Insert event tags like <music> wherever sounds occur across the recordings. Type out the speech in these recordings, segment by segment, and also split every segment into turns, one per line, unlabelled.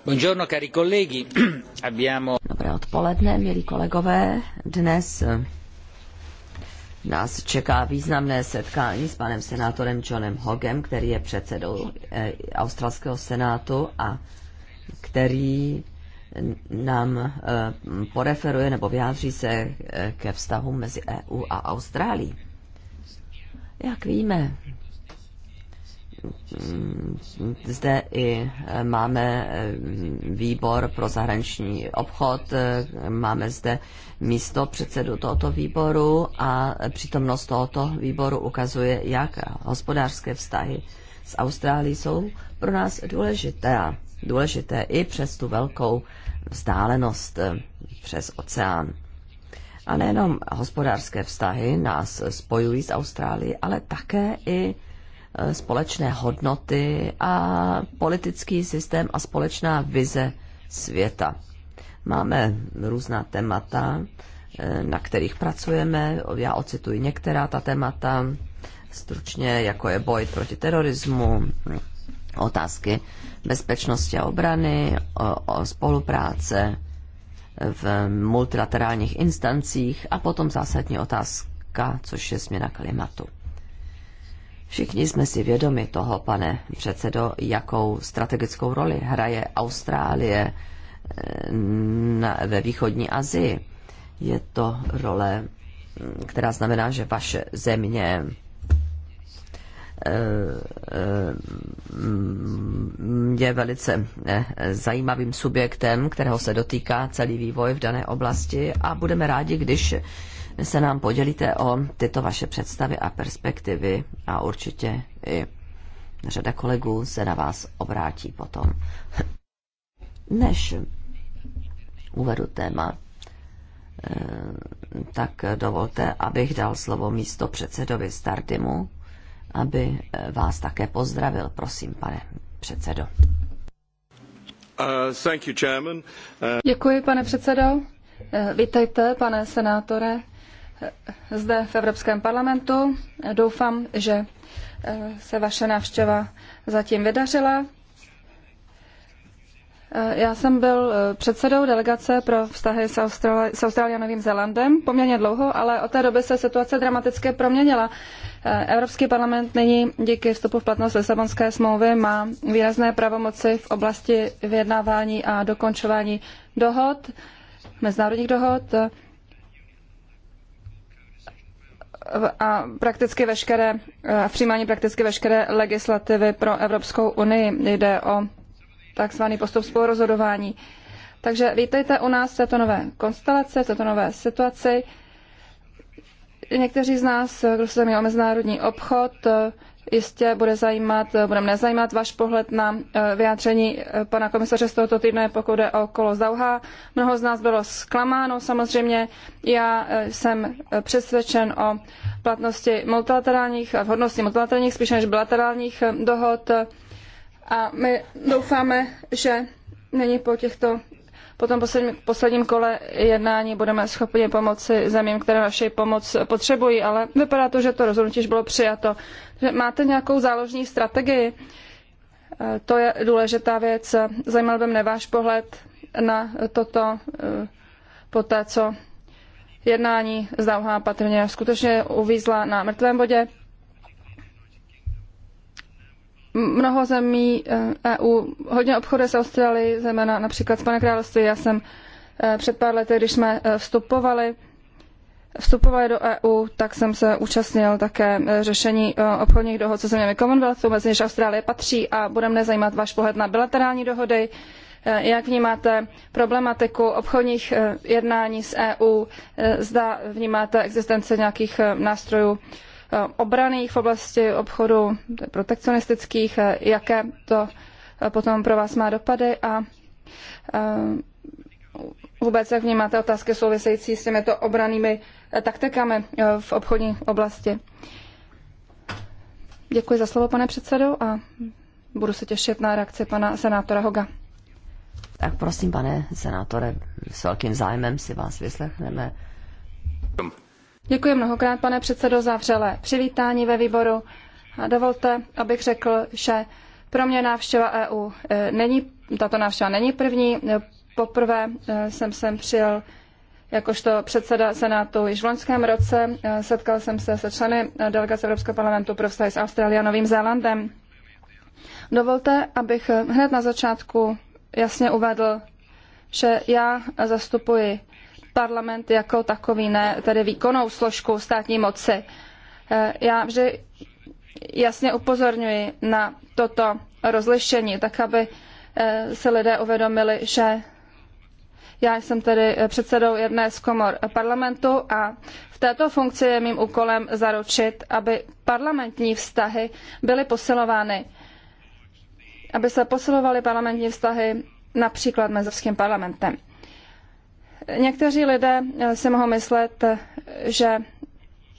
<clears throat> Dobré
odpoledne, milí kolegové. Dnes eh, nás čeká významné setkání s panem senátorem Johnem Hogem, který je předsedou eh, australského senátu a který nám eh, poreferuje nebo vyjádří se ke vztahu mezi EU a Austrálií. Jak víme, zde i eh, máme eh, výbor pro zahraniční obchod, eh, máme zde místo předsedu tohoto výboru a přítomnost tohoto výboru ukazuje, jak hospodářské vztahy s Austrálií jsou pro nás důležité. Důležité i přes tu velkou vzdálenost přes oceán. A nejenom hospodářské vztahy nás spojují s Austrálií, ale také i Eh, společné hodnoty a politický systém a společná vize světa. Máme různá témata, eh, na kterých pracujeme. Já ocituji některá ta témata stručně, jako je boj proti terorismu, otázky bezpečnosti a obrany, o, o spolupráce v multilaterálních instancích a potom zásadní otázka, což je změna klimatu. Všichni jsme si vědomi toho, pane předsedo, jakou strategickou roli hraje Austrálie eh, na, ve východní Asii. Je to role, mm, která znamená, že vaše země eh, eh, je velice zajímavým subjektem, kterého se dotýká celý vývoj v dané oblasti a budeme rádi, když se nám podělíte o tyto vaše představy a perspektivy a určitě i řada kolegů se na vás obrátí potom. Než uvedu téma, eh, tak dovolte, abych dal slovo místo předsedovi Stardimu, aby eh, vás také pozdravil. Prosím, pane předsedo.
Uh,
you, uh, Děkuji, pane předsedo. Eh, vítejte, pane senátore zde v Evropském parlamentu. Doufám, že eh, se vaše návštěva zatím vydařila. Eh, já jsem byl eh, předsedou delegace pro vztahy s, Australi- s Austrálií a Novým Zélandem poměrně dlouho, ale od té doby se situace dramaticky proměnila. Evropský parlament nyní díky vstupu v platnost Lisabonské smlouvy má výrazné pravomoci v oblasti vyjednávání a dokončování dohod, mezinárodních dohod a prakticky veškeré, v přijímání prakticky veškeré legislativy pro Evropskou unii. Jde o takzvaný postup spolurozhodování. Takže vítejte u nás v této nové konstelaci, v této nové situaci někteří z nás, kdo se zajímá o mezinárodní obchod, jistě bude zajímat, bude mne zajímat váš pohled na eh, vyjádření eh, pana komisaře z tohoto týdne, pokud jde o kolo Zauha. Mnoho z nás bylo zklamáno, samozřejmě já eh, jsem přesvědčen o platnosti multilaterálních a vhodnosti multilaterálních spíše než bilaterálních dohod a my doufáme, že není po těchto potom posledním, posledním kole jednání budeme schopni pomoci zemím, které naši pomoc potřebují, ale vypadá to, že to rozhodnutí už bylo přijato. Máte nějakou záložní strategii? E, to je důležitá věc. Zajímal by mne váš pohled na toto e, po té, co jednání zdá patrně skutečně uvízla na mrtvém bodě mnoho zemí EU eh, e hodně obchoduje s Austrálií, zejména například Spojené království. Já jsem eh, před pár lety, když jsme eh, vstupovali, vstupovali do EU, tak jsem se účastnil také řešení obchodních dohod se zeměmi Commonwealthu, mezi něž Austrálie patří a bude mne zajímat váš pohled na bilaterální dohody. Jak vnímáte problematiku obchodních jednání s EU? Zda vnímáte existence nějakých nástrojů Eh, obraných v oblasti obchodu protekcionistických, eh, jaké to eh, potom pro vás má dopady a vůbec jak vnímáte otázky související s těmito obranými taktikami v obchodní oblasti. Děkuji za slovo, pane předsedo, a budu se těšit na reakci pana senátora Hoga.
Tak prosím, pane senátore, s velkým zájmem si vás vyslechneme.
Děkuji mnohokrát, pane předsedo, za vřelé přivítání ve výboru. A dovolte, abych řekl, že pro mě návštěva EU e, není, tato návštěva není první. Poprvé e, jsem sem přijel jakožto předseda Senátu již v loňském roce. E, setkal jsem se se členy delegace Evropského parlamentu pro vztahy s Austrálií a Novým Zélandem. Dovolte, abych hned na začátku jasně uvedl, že já zastupuji parlament jako takový, ne tedy výkonnou složku státní moci. Eh, já vždy jasně upozorňuji na toto rozlišení, tak aby eh, si lidé uvědomili, že já jsem tedy eh, předsedou jedné z komor parlamentu a v této funkci je mým úkolem zaručit, aby parlamentní vztahy byly posilovány. Aby se posilovaly parlamentní vztahy například mezi parlamentem. Někteří lidé eh, si mohou myslet, eh, že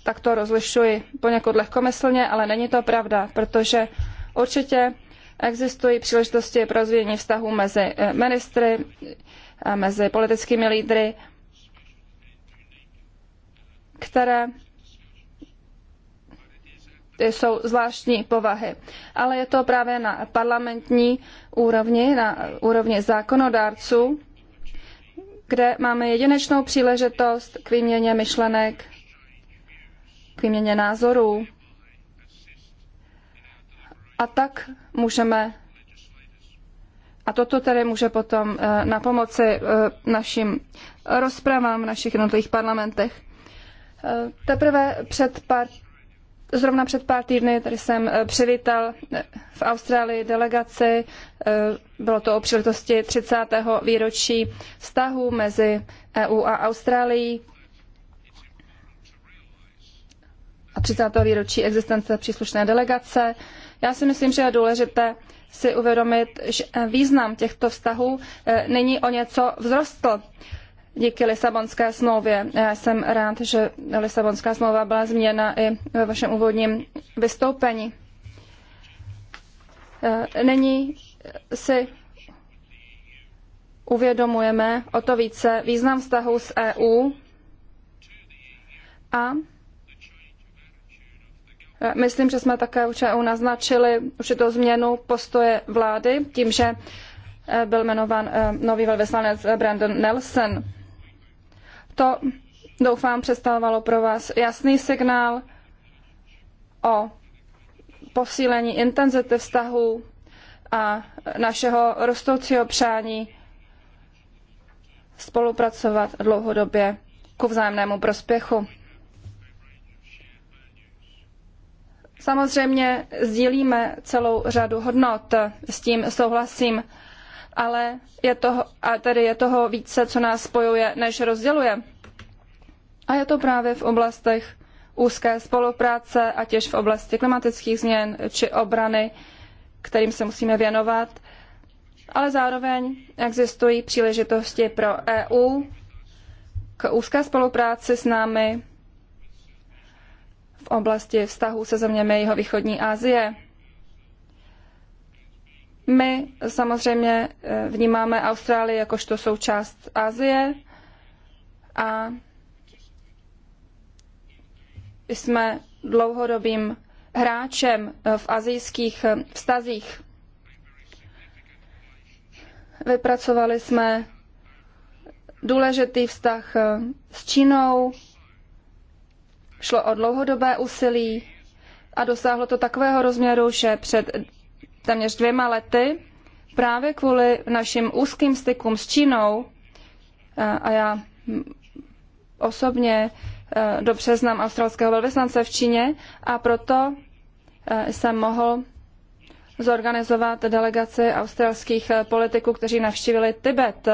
tak to rozlišuji poněkud lehkomyslně, ale není to pravda, protože určitě existují příležitosti pro rozvíjení vztahů mezi eh, ministry, mezi politickými lídry, které jsou zvláštní povahy. Ale je to právě na parlamentní úrovni, na úrovni zákonodárců, kde máme jedinečnou příležitost k výměně myšlenek, k výměně názorů. A tak můžeme a toto tedy může potom eh, na pomoci eh, našim rozpravám v našich jednotlivých parlamentech. Eh, teprve před pár Zrovna před pár týdny tady jsem eh, přivítal eh, v Austrálii delegaci, eh, bylo to o příležitosti 30. výročí vztahu mezi EU a Austrálií a 30. výročí existence příslušné delegace. Já si myslím, že je důležité si uvědomit, že význam těchto vztahů není o něco vzrostl díky Lisabonské smlouvě. Já jsem rád, že Lisabonská smlouva byla změna i ve vašem úvodním vystoupení. Eh, nyní si uvědomujeme o to více význam vztahu s EU a eh, myslím, že jsme také už EU naznačili určitou změnu postoje vlády tím, že eh, byl jmenován nový velvyslanec Brandon Nelson. To, doufám, představovalo pro vás jasný signál o posílení intenzity vztahů a našeho rostoucího přání spolupracovat dlouhodobě ku vzájemnému prospěchu. Samozřejmě sdílíme celou řadu hodnot, s tím souhlasím ale je toho, a tedy je toho více, co nás spojuje, než rozděluje. A je to právě v oblastech úzké spolupráce, ať již v oblasti klimatických změn či obrany, kterým se musíme věnovat. Ale zároveň existují příležitosti pro EU k úzké spolupráci s námi v oblasti vztahů se zeměmi jeho východní Asie. My samozřejmě eh, vnímáme Austrálii jakožto součást Asie a jsme dlouhodobým hráčem eh, v azijských eh, vztazích. Vypracovali jsme důležitý vztah s Čínou, šlo o dlouhodobé úsilí a dosáhlo to takového rozměru, že před téměř dvěma lety právě kvůli našim úzkým stykům s Čínou eh, a já osobně eh, dobře znám australského velvyslance v Číně a proto eh, jsem mohl zorganizovat delegaci australských politiků, kteří navštívili Tibet.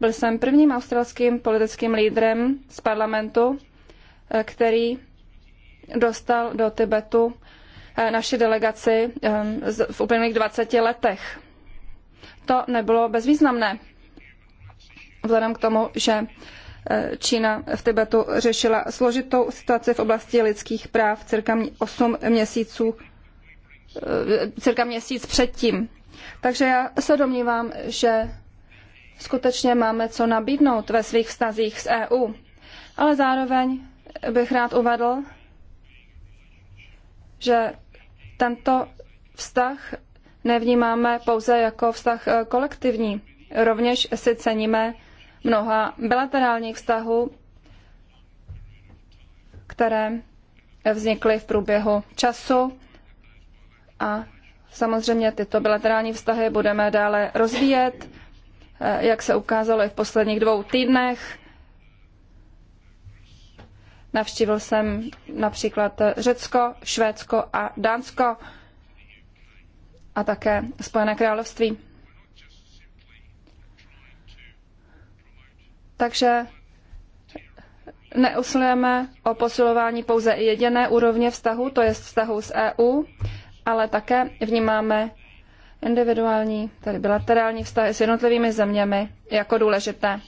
Byl jsem prvním australským politickým lídrem z parlamentu, který dostal do Tibetu Eh, naši delegaci v uplynulých 20 letech. To nebylo bezvýznamné, vzhledem k tomu, že eh, Čína v Tibetu řešila složitou situaci v oblasti lidských práv cirka 8 měsíců, eh, cirka měsíc předtím. Takže já se domnívám, že skutečně máme co nabídnout ve svých vztazích s EU. Ale zároveň bych rád uvedl, že tento vztah nevnímáme pouze jako vztah eh, kolektivní. Rovněž si ceníme mnoha bilaterálních vztahů, které vznikly v průběhu času a samozřejmě tyto bilaterální vztahy budeme dále rozvíjet, eh, jak se ukázalo i v posledních dvou týdnech Navštívil jsem například Řecko, Švédsko a Dánsko a také Spojené království. Takže neusilujeme o posilování pouze jediné úrovně vztahu, to je vztahu s EU, ale také vnímáme individuální, tedy bilaterální vztahy s jednotlivými zeměmi jako důležité.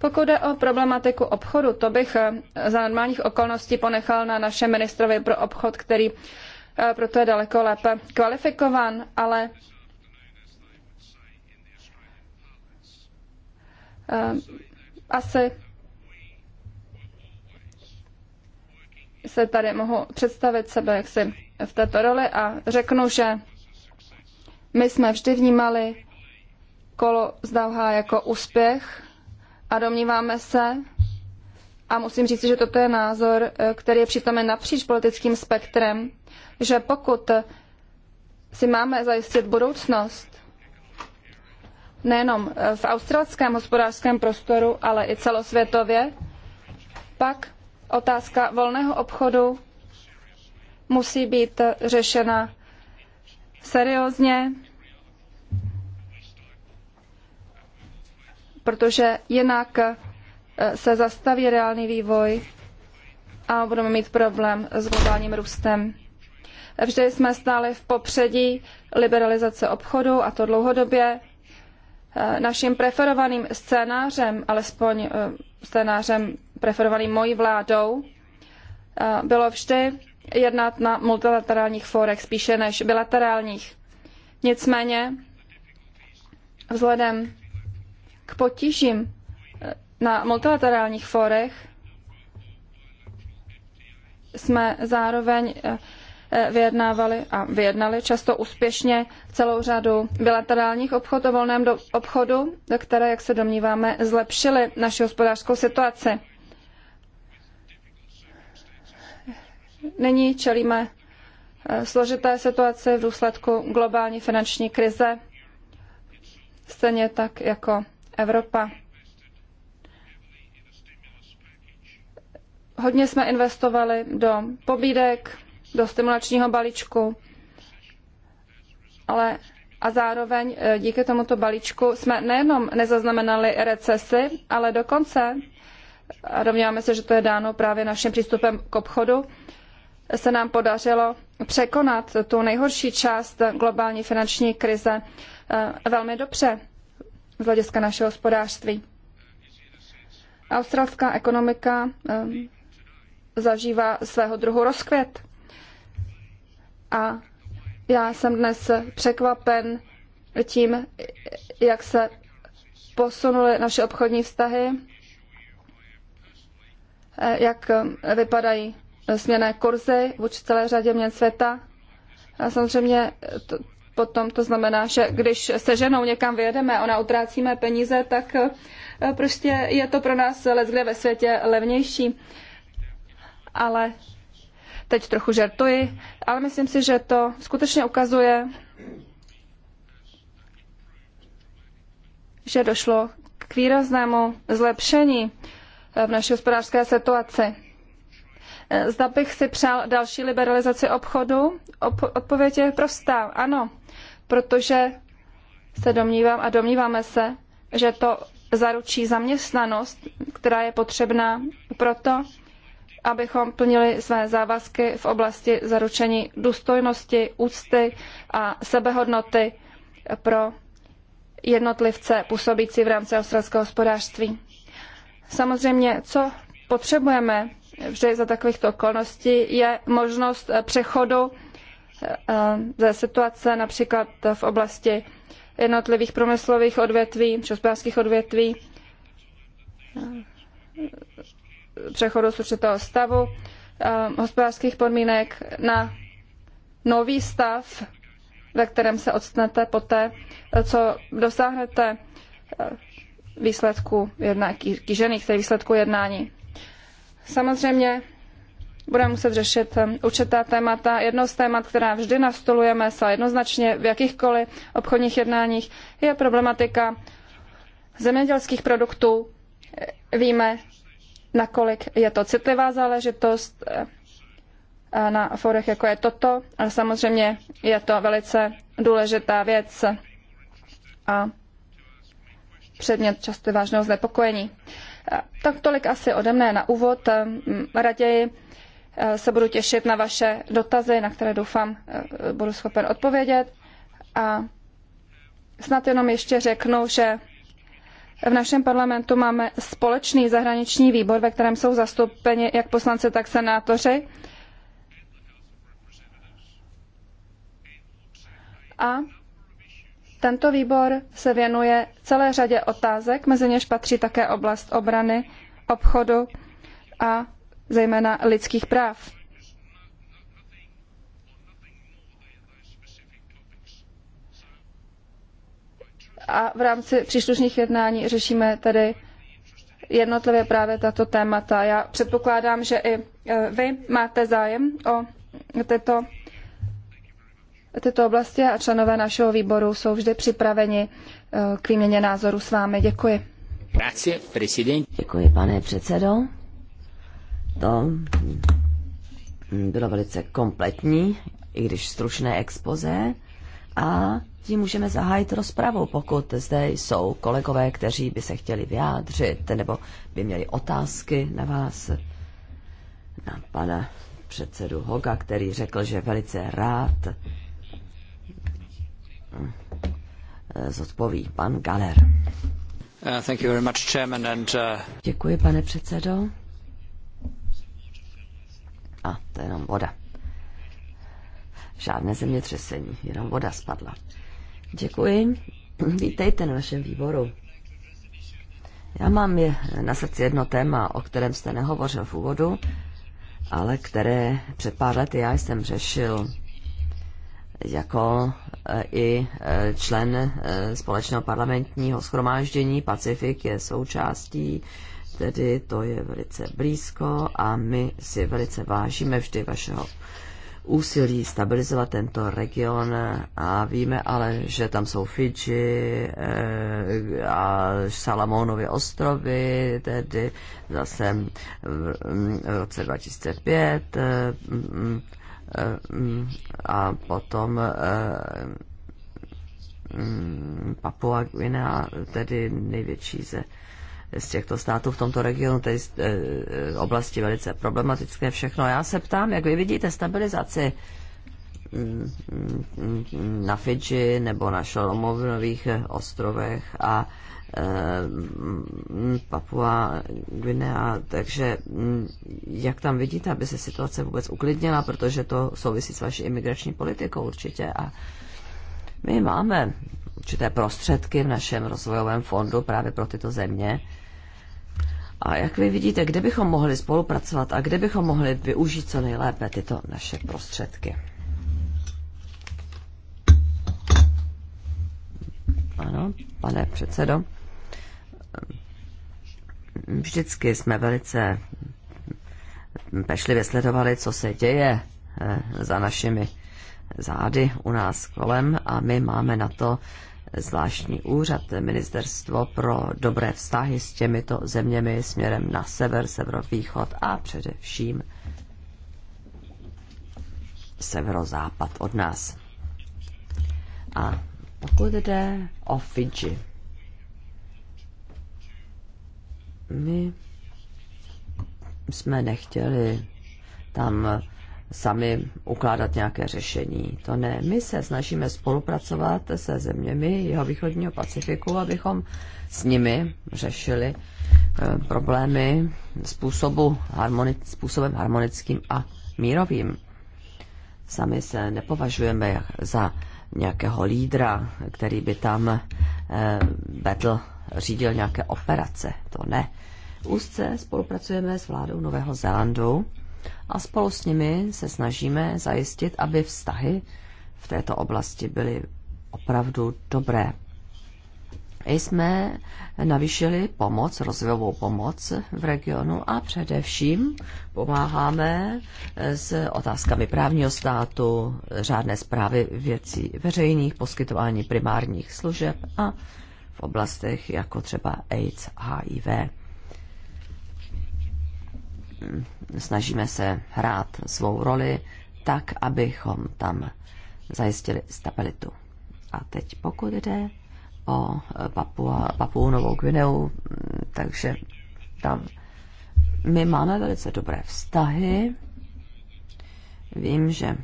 Pokud jde o problematiku obchodu, to bych eh, za normálních okolností ponechal na našem ministrovi pro obchod, který eh, proto je daleko lépe kvalifikovan, ale eh, asi se tady mohu představit sebe jaksi v této roli a řeknu, že my jsme vždy vnímali kolo z Dauha jako úspěch a domníváme se, a musím říct, že toto je názor, eh, který je přitom napříč politickým spektrem, že pokud si máme zajistit budoucnost nejenom eh, v australském hospodářském prostoru, ale i celosvětově, pak otázka volného obchodu musí být řešena seriózně protože jinak eh, se zastaví reálný vývoj a budeme mít problém s globálním růstem. Vždy jsme stáli v popředí liberalizace obchodu a to dlouhodobě. Eh, naším preferovaným scénářem, alespoň eh, scénářem preferovaným mojí vládou, bylo vždy jednat na multilaterálních fórech spíše než bilaterálních. Nicméně, vzhledem k potížím eh, na multilaterálních fórech, jsme zároveň eh, eh, vyjednávali a vyjednali často úspěšně celou řadu bilaterálních obchodů o volném do obchodu, které, jak se domníváme, zlepšily naši hospodářskou situaci. Nyní čelíme složité situaci v důsledku globální finanční krize, stejně tak jako Evropa. Hodně jsme investovali do pobídek, do stimulačního balíčku, ale a zároveň e, díky tomuto balíčku jsme nejenom nezaznamenali recesi, ale dokonce, a domníváme se, že to je dáno právě naším přístupem k obchodu, se nám podařilo překonat tu nejhorší část globální finanční krize e, velmi dobře z hlediska našeho hospodářství. Australská ekonomika ehm, zažívá svého druhu rozkvět. A já jsem dnes překvapen tím, jak se posunuly naše obchodní vztahy, eh, jak ehm, vypadají směné kurzy vůči celé řadě měn světa. A samozřejmě to, potom. To znamená, že když se ženou někam vyjedeme, ona utrácíme peníze, tak eh, prostě je to pro nás leckde ve světě levnější. Ale teď trochu žertuji, ale myslím si, že to skutečně ukazuje, že došlo k výraznému zlepšení eh, v naší hospodářské situaci. Eh, zda bych si přál další liberalizaci obchodu? odpověď je prostá. Ano protože se domnívám a domníváme se, že to zaručí zaměstnanost, která je potřebná proto, abychom plnili své závazky v oblasti zaručení důstojnosti, úcty a sebehodnoty pro jednotlivce působící v rámci australského hospodářství. Samozřejmě, co potřebujeme vždy za takovýchto okolností, je možnost přechodu ze situace například v oblasti jednotlivých průmyslových odvětví, hospodářských odvětví, přechodu z určitého stavu hospodářských podmínek na nový stav, ve kterém se odstnete poté, co dosáhnete e, výsledku jednání, kýžených, výsledků výsledku jednání. Samozřejmě budeme muset řešit um, určitá témata. Jedno z témat, která vždy nastolujeme se jednoznačně v jakýchkoliv obchodních jednáních, je problematika zemědělských produktů. Víme, nakolik je to citlivá záležitost eh, na forech, jako je toto, ale samozřejmě je to velice důležitá věc a předmět často vážného znepokojení. Eh, tak tolik asi ode mne na úvod. Eh, raději Eh, se budu těšit na vaše dotazy, na které doufám eh, budu schopen odpovědět. A snad jenom ještě řeknu, že v našem parlamentu máme společný zahraniční výbor, ve kterém jsou zastoupeni jak poslanci, tak senátoři. A tento výbor se věnuje celé řadě otázek, mezi něž patří také oblast obrany, obchodu a zejména lidských práv. A v rámci příslušných jednání řešíme tedy jednotlivě právě tato témata. Já předpokládám, že i e, vy máte zájem o tyto, tyto oblasti a členové našeho výboru jsou vždy připraveni e, k výměně názoru s vámi. Děkuji.
Děkuji, pane předsedo. To bylo velice kompletní, i když stručné expoze. A tím můžeme zahájit rozpravu, pokud zde jsou kolegové, kteří by se chtěli vyjádřit nebo by měli otázky na vás, na pana předsedu Hoga, který řekl, že velice rád zodpoví pan Galer.
Uh, thank you very much, chairman, and, uh,
Děkuji, pane předsedo. A to je jenom voda. Žádné zemětřesení, jenom voda spadla. Děkuji. Vítejte na našem výboru. Já mám je na srdci jedno téma, o kterém jste nehovořil v úvodu, ale které před pár lety já jsem řešil jako eh, i eh, člen eh, společného parlamentního schromáždění. Pacifik je součástí tedy to je velice blízko a my si velice vážíme vždy vašeho úsilí stabilizovat tento region a víme ale, že tam jsou Fidži eh, a Salamonovy ostrovy, tedy zase v mm, roce 2005 eh, mm, eh, mm, a potom Papua Guinea, tedy největší ze z těchto států v tomto regionu, tedy z eh, oblasti velice problematické všechno. Já se ptám, jak vy vidíte stabilizaci mm, na Fidži nebo na Šalomovnových eh, ostrovech a eh, Papua Guinea, takže mm, jak tam vidíte, aby se situace vůbec uklidnila, protože to souvisí s vaší imigrační politikou určitě a my máme určité prostředky v našem rozvojovém fondu právě pro tyto země a jak vy vidíte, kde bychom mohli spolupracovat a kde bychom mohli využít co nejlépe tyto naše prostředky? Ano, pane předsedo. Vždycky jsme velice pešlivě sledovali, co se děje eh, za našimi zády u nás kolem a my máme na to zvláštní úřad, ministerstvo pro dobré vztahy s těmito zeměmi směrem na sever, severovýchod a především severozápad od nás. A pokud jde o Fidži, my jsme nechtěli tam sami ukládat nějaké řešení. To ne. My se snažíme spolupracovat se zeměmi jeho východního Pacifiku, abychom s nimi řešili eh, problémy způsobu harmoni- způsobem harmonickým a mírovým. Sami se nepovažujeme za nějakého lídra, který by tam eh, vedl, řídil nějaké operace. To ne. Úzce spolupracujeme s vládou Nového Zélandu a spolu s nimi se snažíme zajistit, aby vztahy v této oblasti byly opravdu dobré. Jsme navýšili pomoc, rozvojovou pomoc v regionu a především pomáháme s otázkami právního státu, řádné zprávy věcí veřejných, poskytování primárních služeb a v oblastech jako třeba AIDS, HIV snažíme se hrát svou roli tak, abychom tam zajistili stabilitu. A teď pokud jde o Papua, Papua Novou Gvineu, takže tam my máme velice dobré vztahy. Vím, že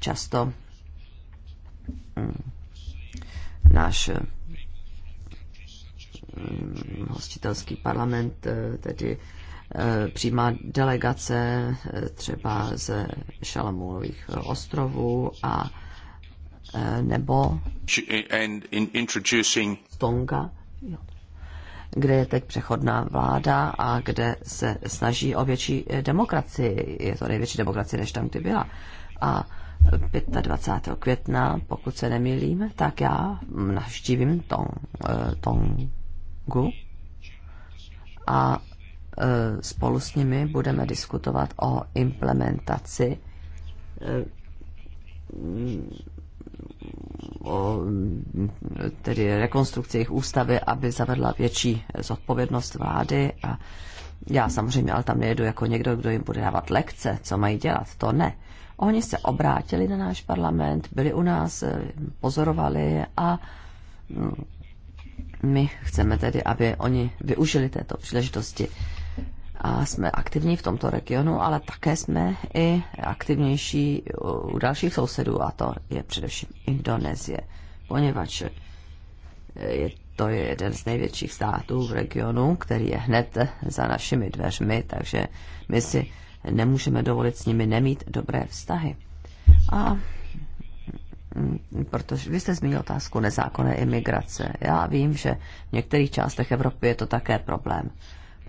často mm, náš mm, hostitelský parlament eh, tedy Eh, přijímá delegace eh, třeba ze Šalamoulových ostrovů a eh, nebo Tonga, kde je teď přechodná vláda a kde se snaží o větší demokracii. Je to největší demokracie, než tam kdy byla. A 25. května, pokud se nemýlím, tak já navštívím Tong, Tongu a E, spolu s nimi budeme diskutovat o implementaci e, o, tedy rekonstrukci jejich ústavy, aby zavedla větší zodpovědnost vlády a já samozřejmě, ale tam nejedu jako někdo, kdo jim bude dávat lekce, co mají dělat, to ne. Oni se obrátili na náš parlament, byli u nás, e, pozorovali a mm, my chceme tedy, aby oni využili této příležitosti a jsme aktivní v tomto regionu, ale také jsme i aktivnější u dalších sousedů, a to je především Indonésie, poněvadž e, je to je jeden z největších států v regionu, který je hned za našimi dveřmi, takže my si nemůžeme dovolit s nimi nemít dobré vztahy. A mm, protože vy jste zmínil otázku nezákonné imigrace. Já vím, že v některých částech Evropy je to také problém.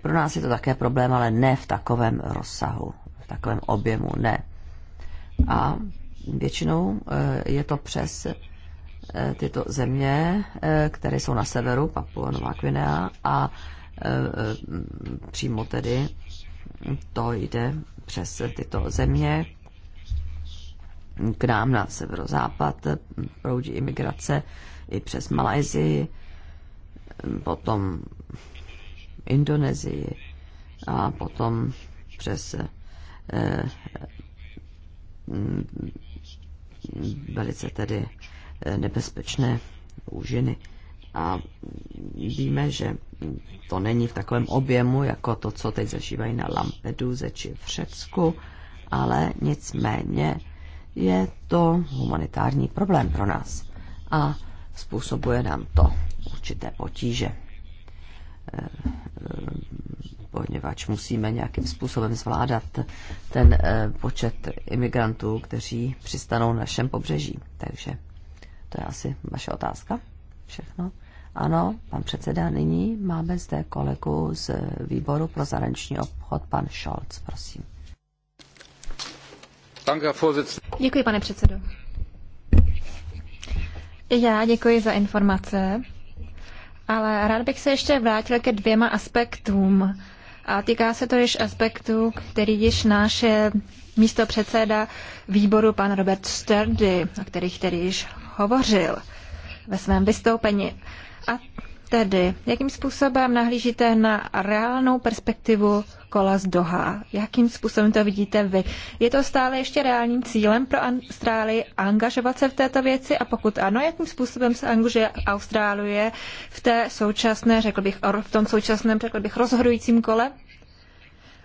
Pro nás je to také problém, ale ne v takovém rozsahu, v takovém objemu, ne. A většinou eh, je to přes eh, tyto země, eh, které jsou na severu, Papua Nová Kvinea, a přímo tedy to jde přes tyto země k nám na severozápad, proudí imigrace i přes Malajzii, potom Indonésii a potom přes eh, mm, velice tedy eh, nebezpečné úžiny. A víme, že to není v takovém objemu, jako to, co teď zažívají na Lampeduze či v Řecku, ale nicméně je to humanitární problém pro nás a způsobuje nám to určité potíže. Eh, poněvadž musíme nějakým způsobem zvládat ten eh, počet imigrantů, kteří přistanou na našem pobřeží. Takže to je asi vaše otázka. Všechno. Ano, pan předseda, nyní máme zde kolegu z výboru pro zahraniční obchod, pan Scholz, prosím.
Děkuji, pane předsedo. Já děkuji za informace. Ale rád bych se ještě vrátil ke dvěma aspektům. A týká se to již aspektu, který již náš místo předseda výboru pan Robert Sturdy, o kterých tedy již hovořil ve svém vystoupení. A tedy, jakým způsobem nahlížíte na reálnou perspektivu kola z Doha. Jakým způsobem to vidíte vy? Je to stále ještě reálným cílem pro Austrálii angažovat se v této věci a pokud ano, jakým způsobem se angažuje Austrálie v té současné, řekl bych, v tom současném, řekl bych, rozhodujícím kole?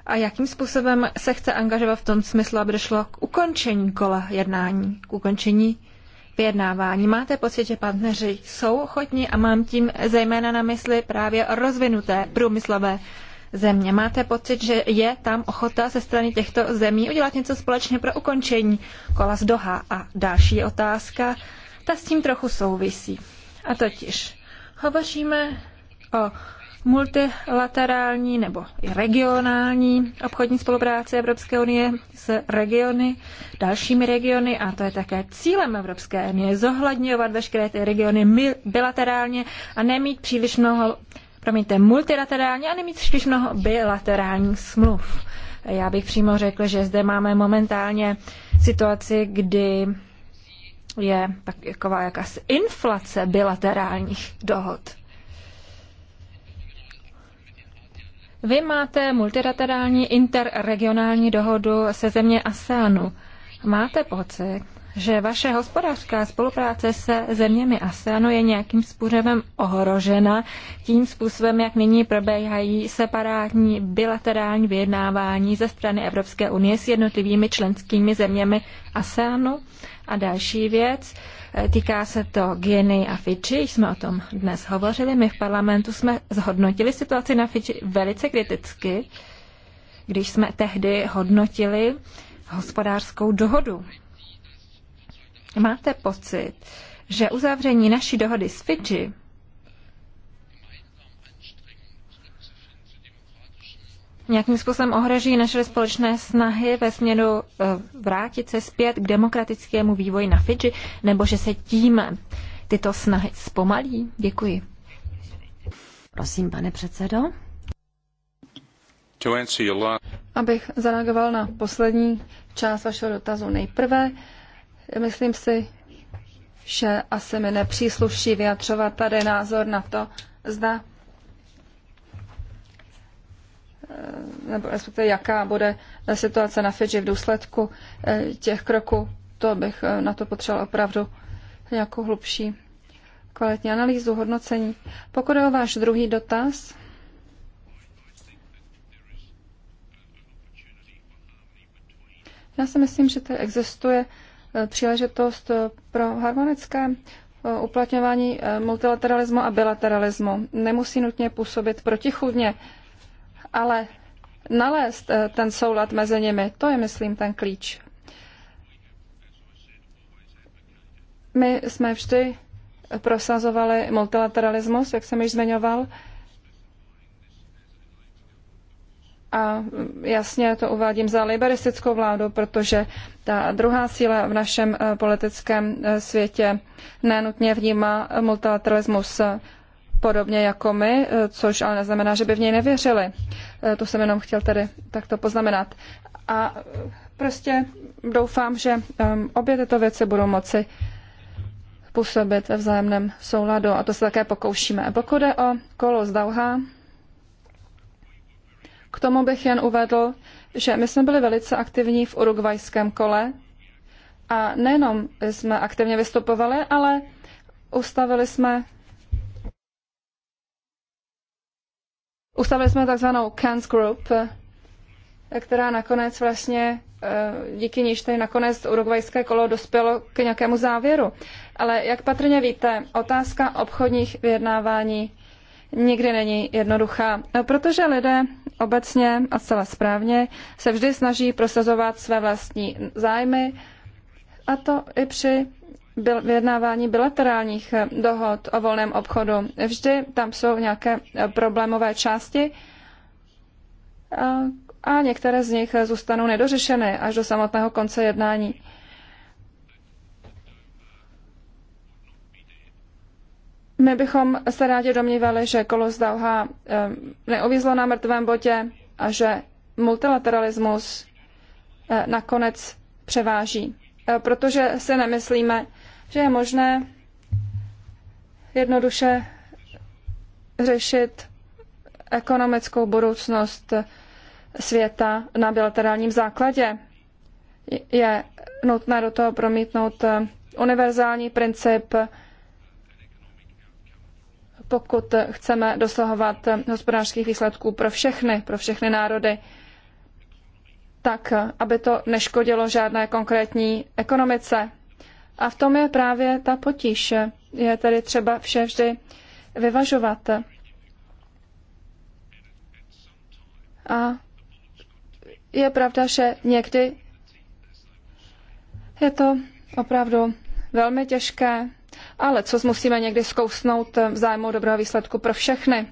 A jakým způsobem se chce angažovat v tom smyslu, aby došlo k ukončení kola jednání, k ukončení vyjednávání. Máte pocit, že partneři jsou ochotní a mám tím zejména na mysli právě rozvinuté průmyslové země. Máte pocit, že je tam ochota ze strany těchto zemí udělat něco společně pro ukončení kola z Doha? A další otázka, ta s tím trochu souvisí. A totiž hovoříme o multilaterální nebo i regionální obchodní spolupráci Evropské unie s regiony, dalšími regiony a to je také cílem Evropské unie zohledňovat veškeré ty regiony bilaterálně a nemít příliš mnoho promiňte, multilaterálně a nemít příliš mnoho bilaterálních smluv. Já bych přímo řekl, že zde máme momentálně situaci, kdy je taková jakási inflace bilaterálních dohod. Vy máte multilaterální interregionální dohodu se země ASEANu. Máte pocit, že vaše hospodářská spolupráce se zeměmi ASEANu je nějakým způsobem ohrožena tím způsobem, jak nyní probíhají separátní bilaterální vyjednávání ze strany Evropské unie s jednotlivými členskými zeměmi ASEANu? A další věc, eh, týká se to Gieny a Fidži, jsme o tom dnes hovořili. My v parlamentu jsme zhodnotili situaci na Fidži velice kriticky, když jsme tehdy hodnotili hospodářskou dohodu máte pocit, že uzavření naší dohody s Fidži nějakým způsobem ohroží naše společné snahy ve směru eh, vrátit se zpět k demokratickému vývoji na Fidži, nebo že se tím tyto snahy zpomalí? Děkuji. Prosím, pane předsedo. Abych zareagoval na poslední
část vašeho dotazu nejprve. Myslím si, že asi mi nepřísluší vyjadřovat tady názor na to, zda eh, nebo respektive jaká bude situace na Fidži v důsledku eh, těch kroků. To bych eh, na to potřeboval opravdu nějakou hlubší kvalitní analýzu, hodnocení. Pokud je o váš druhý dotaz, já si myslím, že tady existuje Eh, příležitost eh, pro harmonické eh, uplatňování multilateralismu a bilateralismu. Nemusí nutně působit protichudně, ale nalézt ten soulad mezi nimi, to je, myslím, ten klíč. My jsme vždy prosazovali multilateralismus, jak jsem již zmiňoval, a jasně to uvádím za liberistickou vládu, protože ta druhá síla v našem eh, politickém eh, světě nenutně vnímá multilateralismus eh, podobně jako my, což ale neznamená, že by v něj nevěřili. To jsem jenom chtěl tady takto poznamenat. A prostě doufám, že obě tyto věci budou moci působit ve vzájemném souladu a to se také pokoušíme. Pokud jde o kolo z Dauha, k tomu bych jen uvedl, že my jsme byli velice aktivní v urugvajském kole a nejenom jsme aktivně vystupovali, ale ustavili jsme ustavili jsme takzvanou Cannes Group, která nakonec vlastně, eh, díky níž tady nakonec urugvajské kolo dospělo k nějakému závěru. Ale jak patrně víte, otázka obchodních vyjednávání nikdy není jednoduchá, protože lidé obecně a zcela správně se vždy snaží prosazovat své vlastní zájmy, a to i při vyjednávání bilaterálních eh, dohod o volném obchodu. Vždy tam jsou nějaké eh, problémové části a některé z nich eh, zůstanou nedořešeny až do samotného konce jednání. My bychom se rádi domnívali, že kolo z Dauha eh, neuvízlo na mrtvém botě a že multilateralismus eh, nakonec převáží. Eh, protože si nemyslíme, že je možné jednoduše řešit ekonomickou budoucnost světa na bilaterálním základě. Je nutné do toho promítnout univerzální princip pokud chceme dosahovat hospodářských výsledků pro všechny, pro všechny národy, tak aby to neškodilo žádné konkrétní ekonomice. A v tom je právě ta potíž. Je tedy třeba vše vždy vyvažovat. A je pravda, že někdy je to opravdu velmi těžké ale co musíme někdy zkousnout eh, v zájmu dobrého výsledku pro všechny.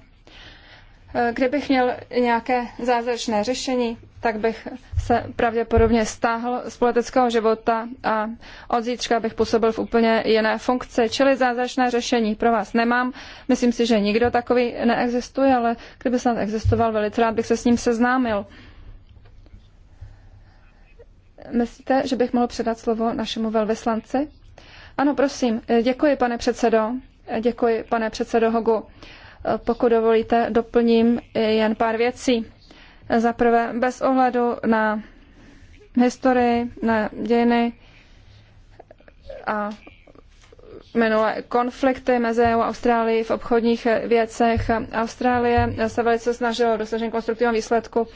Eh, kdybych měl nějaké zázračné řešení, tak bych se pravděpodobně stáhl z politického života a od zítřka bych působil v úplně jiné funkci. Čili zázračné řešení pro vás nemám. Myslím si, že nikdo takový neexistuje, ale kdyby snad existoval, velice rád bych se s ním seznámil. Myslíte, že bych mohl předat slovo našemu velvyslanci? Ano, prosím. Děkuji, pane předsedo. Děkuji, pane předsedo Hogu. Pokud dovolíte, doplním jen pár věcí. Za prvé, bez ohledu na historii, na dějiny a minulé konflikty mezi EU a Austrálií v obchodních věcech. Austrálie se velice snažila dosažení konstruktivního výsledku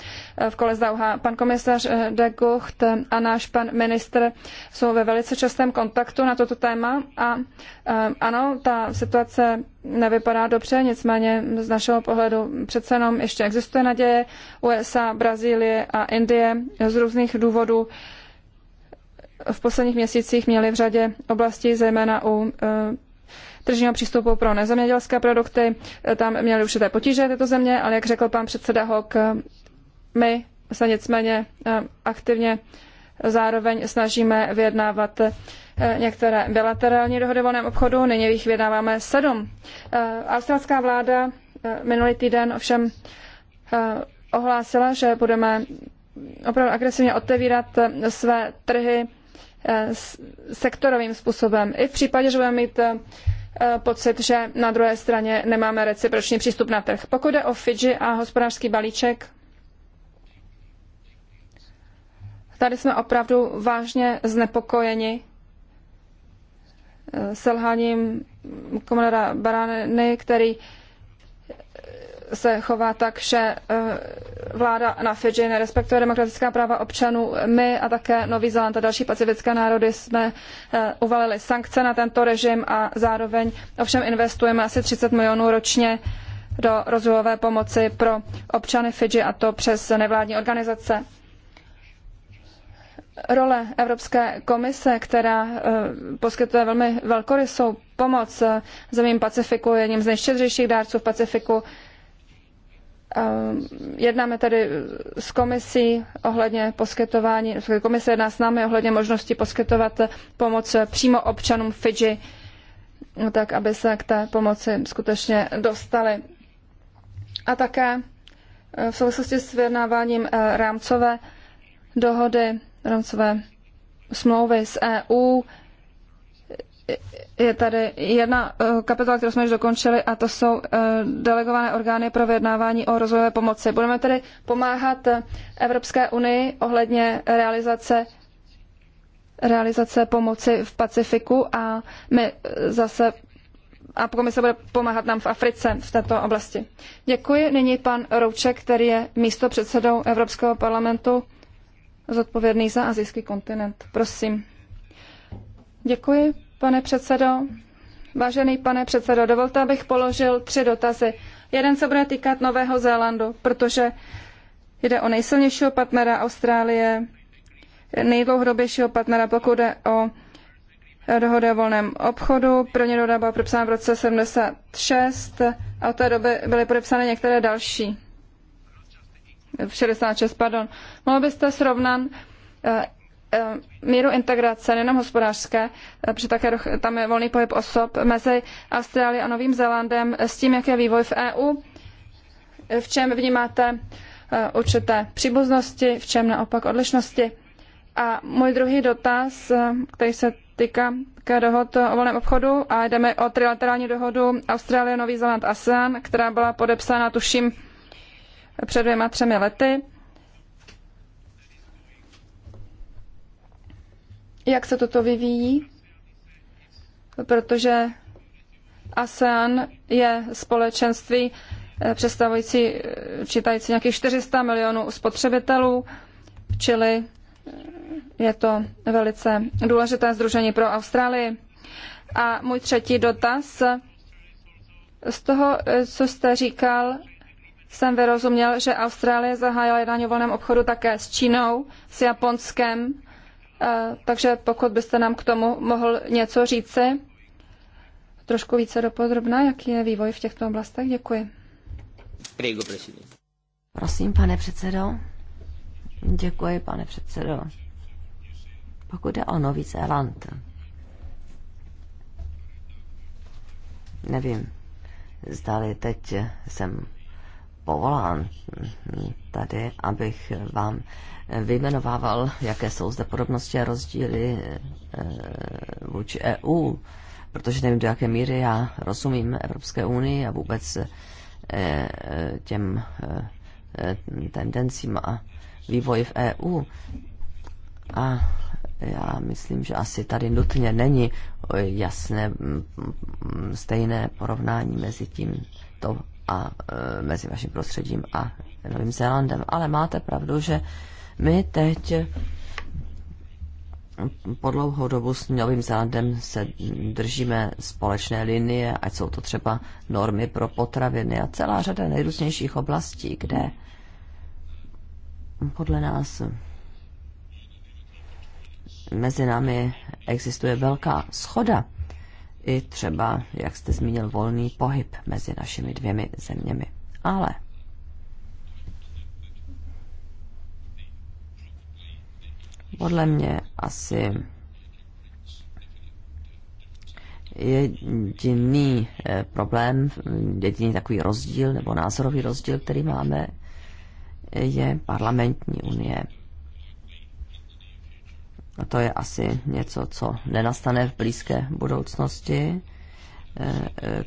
v kole Dauha. Pan komisař eh, de Gucht a náš pan ministr jsou ve velice častém kontaktu na toto téma a eh, ano, ta situace nevypadá dobře, nicméně z našeho pohledu přece jenom ještě existuje naděje. USA, Brazílie a Indie z různých důvodů v posledních měsících měli v řadě oblastí, zejména u eh, tržního přístupu pro nezemědělské produkty. Eh, tam měly určité potíže tyto země, ale jak řekl pan předseda Hock, eh, my se nicméně aktivně zároveň snažíme vyjednávat některé bilaterální dohody o volném obchodu. Nyní jich vyjednáváme sedm. Australská vláda minulý týden ovšem ohlásila, že budeme opravdu agresivně otevírat své trhy Eh, sektorovým způsobem. I v případě, že budeme mít eh, pocit, že na druhé straně nemáme reciproční přístup na trh. Pokud jde o Fidži a hospodářský balíček, tady jsme opravdu vážně znepokojeni eh, selháním komora Barany, který se chová tak, že eh, vláda na Fidži nerespektuje demokratická práva občanů. My a také Nový Zéland a další pacifické národy jsme eh, uvalili sankce na tento režim a zároveň ovšem investujeme asi 30 milionů ročně do rozvojové pomoci pro občany Fidži a to přes nevládní organizace. Role Evropské komise, která eh, poskytuje velmi velkorysou pomoc zemím Pacifiku, jedním z nejštědřejších dárců v Pacifiku, Ehm, jednáme tady s komisí ohledně poskytování, komise jedná s námi ohledně možnosti poskytovat pomoc přímo občanům Fidži, no tak aby se k té pomoci skutečně dostali. A také eh, v souvislosti s vyjednáváním eh, rámcové dohody, rámcové smlouvy s EU, je tady jedna eh, kapitola, kterou jsme už dokončili, a to jsou eh, delegované orgány pro vyjednávání o rozvojové pomoci. Budeme tedy pomáhat eh, Evropské unii ohledně realizace realizace pomoci v Pacifiku a my zase a komise bude pomáhat nám v Africe v této oblasti. Děkuji. Nyní pan Rouček, který je místo předsedou Evropského parlamentu zodpovědný za azijský kontinent. Prosím. Děkuji, pane předsedo. Vážený pane předsedo, dovolte, abych položil tři dotazy. Jeden se bude týkat Nového Zélandu, protože jde o nejsilnějšího partnera Austrálie, nejdlouhodobějšího partnera, pokud jde o dohody o volném obchodu. První dohoda byla podepsána v roce 76 a od té doby byly podepsány některé další. V 66, pardon. Mohl byste srovnat eh, Eh, míru integrace, nejenom hospodářské, eh, protože také tam je volný pohyb osob mezi Austrálií a Novým Zélandem s tím, jak je vývoj v EU, v čem vnímáte eh, určité příbuznosti, v čem naopak odlišnosti. A můj druhý dotaz, který se týká dohod o volném obchodu a jdeme o trilaterální dohodu Austrálie, Nový Zéland, ASEAN, která byla podepsána tuším před dvěma třemi lety. jak se toto vyvíjí, protože ASEAN je společenství eh, představující, eh, čítající nějakých 400 milionů spotřebitelů, čili eh, je to velice důležité združení pro Austrálii. A můj třetí dotaz. Z toho, co jste říkal, jsem vyrozuměl, že Austrálie zahájila jednání o volném obchodu také s Čínou, s Japonskem takže pokud byste nám k tomu mohl něco říci, trošku více dopodrobná, jaký je vývoj v těchto oblastech. Děkuji.
Prego, Prosím, pane předsedo. Děkuji, pane předsedo. Pokud je o Nový Zéland, nevím, zdali teď jsem povolán tady, abych vám vyjmenovával, jaké jsou zde podobnosti a rozdíly eh, vůči EU, protože nevím, do jaké míry já rozumím Evropské unii a vůbec eh, těm eh, tendencím a vývoji v EU. A já myslím, že asi tady nutně není jasné mm, stejné porovnání mezi tím to a e, mezi vaším prostředím a Novým Zélandem. Ale máte pravdu, že my teď po dlouhou dobu s Novým Zélandem se držíme společné linie, ať jsou to třeba normy pro potraviny a celá řada nejrůznějších oblastí, kde podle nás mezi námi existuje velká schoda i třeba, jak jste zmínil, volný pohyb mezi našimi dvěmi zeměmi. Ale podle mě asi jediný eh, problém, jediný takový rozdíl nebo názorový rozdíl, který máme, je parlamentní unie. A to je asi něco, co nenastane v blízké budoucnosti eh, eh,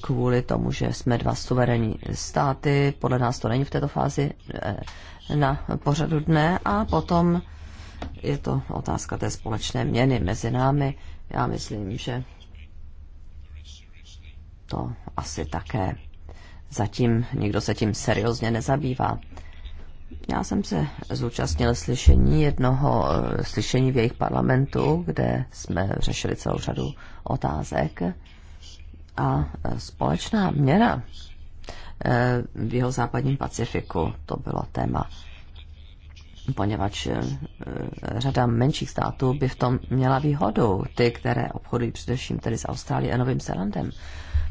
kvůli tomu, že jsme dva suverénní státy. Podle nás to není v této fázi eh, na pořadu dne. A potom je to otázka té společné měny mezi námi. Já myslím, že to asi také zatím nikdo se tím seriózně nezabývá. Já jsem se zúčastnil slyšení jednoho eh, slyšení v jejich parlamentu, kde jsme řešili celou řadu otázek a eh, společná měna eh, v jeho západním Pacifiku, to bylo téma, poněvadž řada menších států by v tom měla výhodu, ty, které obchodují především tedy s Austrálií a Novým Zélandem.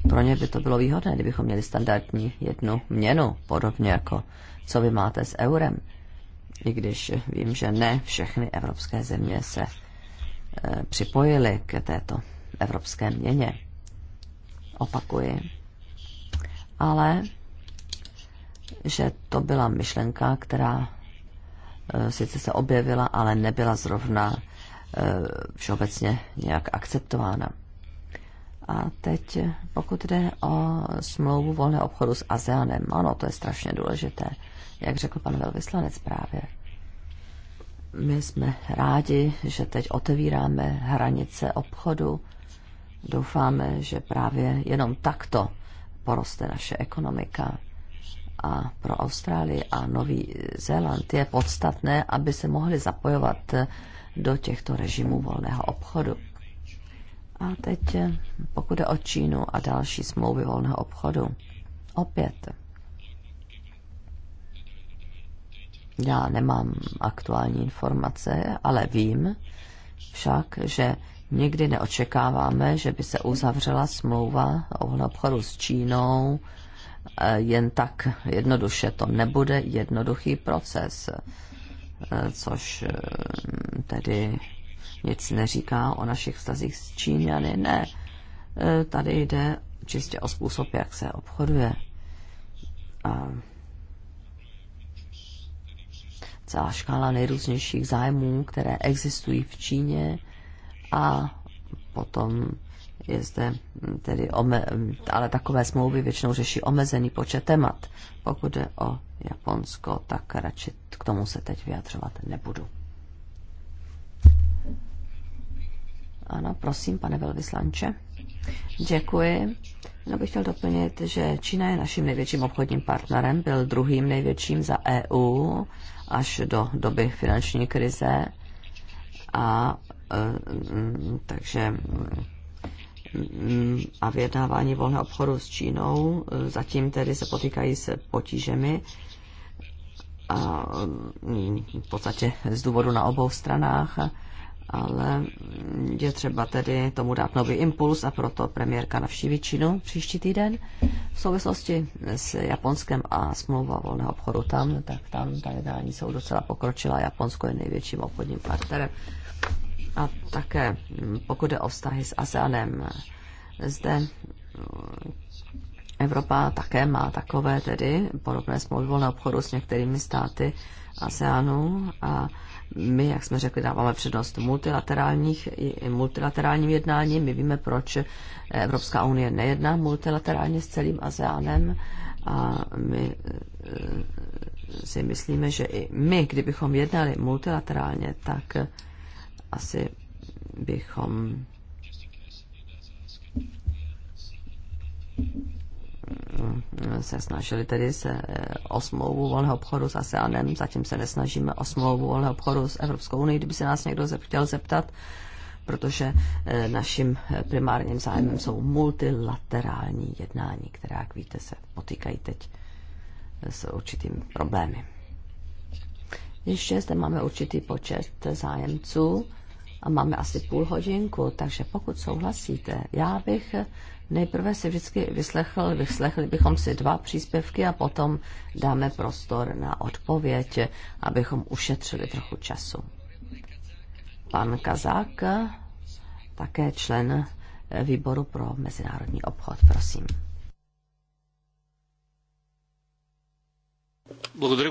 Pro ně by to bylo výhodné, kdybychom měli standardní jednu měnu, podobně jako co vy máte s eurem. I když vím, že ne všechny evropské země se e, připojily k této evropské měně. Opakuji. Ale že to byla myšlenka, která e, sice se objevila, ale nebyla zrovna e, všeobecně nějak akceptována. A teď, pokud jde o smlouvu volného obchodu s ASEANem, ano, to je strašně důležité. Jak řekl pan velvyslanec právě, my jsme rádi, že teď otevíráme hranice obchodu. Doufáme, že právě jenom takto poroste naše ekonomika. A pro Austrálii a Nový Zéland je podstatné, aby se mohli zapojovat do těchto režimů volného obchodu. A teď, pokud je o Čínu a další smlouvy volného obchodu, opět Já nemám aktuální informace, ale vím však, že nikdy neočekáváme, že by se uzavřela smlouva o obchodu s Čínou e, jen tak jednoduše. To nebude jednoduchý proces, e, což e, tedy nic neříká o našich vztazích s Číňany. Ne, tady jde čistě o způsob, jak se obchoduje. A celá škála nejrůznějších zájmů, které existují v Číně a potom je zde tedy, ome, ale takové smlouvy většinou řeší omezený počet temat. Pokud jde o Japonsko, tak radši k tomu se teď vyjadřovat nebudu. Ano, prosím, pane velvyslanče. Děkuji. No bych chtěl doplnit, že Čína je naším největším obchodním partnerem, byl druhým největším za EU až do doby finanční krize. A mm, takže mm, a vyjednávání volného obchodu s Čínou eh, zatím tedy se potýkají s potížemi a mm, v podstatě z důvodu na obou stranách ale je třeba tedy tomu dát nový impuls a proto premiérka navštíví Čínu příští týden v souvislosti s Japonskem a smlouva volného obchodu tam, tak tam ta jednání jsou docela pokročila. Japonsko je největším obchodním partnerem. A také pokud je o vztahy s ASEANem, zde Evropa také má takové tedy podobné smlouvy volného obchodu s některými státy ASEANu a my, jak jsme řekli, dáváme přednost multilaterálních, multilaterálním jednáním. My víme, proč Evropská unie nejedná multilaterálně s celým ASEANem a my eh, si myslíme, že i my, kdybychom jednali multilaterálně, tak asi bychom se snažili tedy se eh, o smlouvu volného obchodu s ASEANem, zatím se nesnažíme o smlouvu volného obchodu s Evropskou unii, kdyby se nás někdo chtěl zeptat, protože eh, naším eh, primárním zájmem jsou multilaterální jednání, která, jak víte, se potýkají teď s určitými problémy. Ještě zde máme určitý počet zájemců a máme asi půl hodinku, takže pokud souhlasíte, já bych Nejprve si vždycky vyslechl, vyslechli bychom si dva příspěvky a potom dáme prostor na odpověď, abychom ušetřili trochu času. Pan Kazák, také člen výboru pro mezinárodní
obchod, prosím.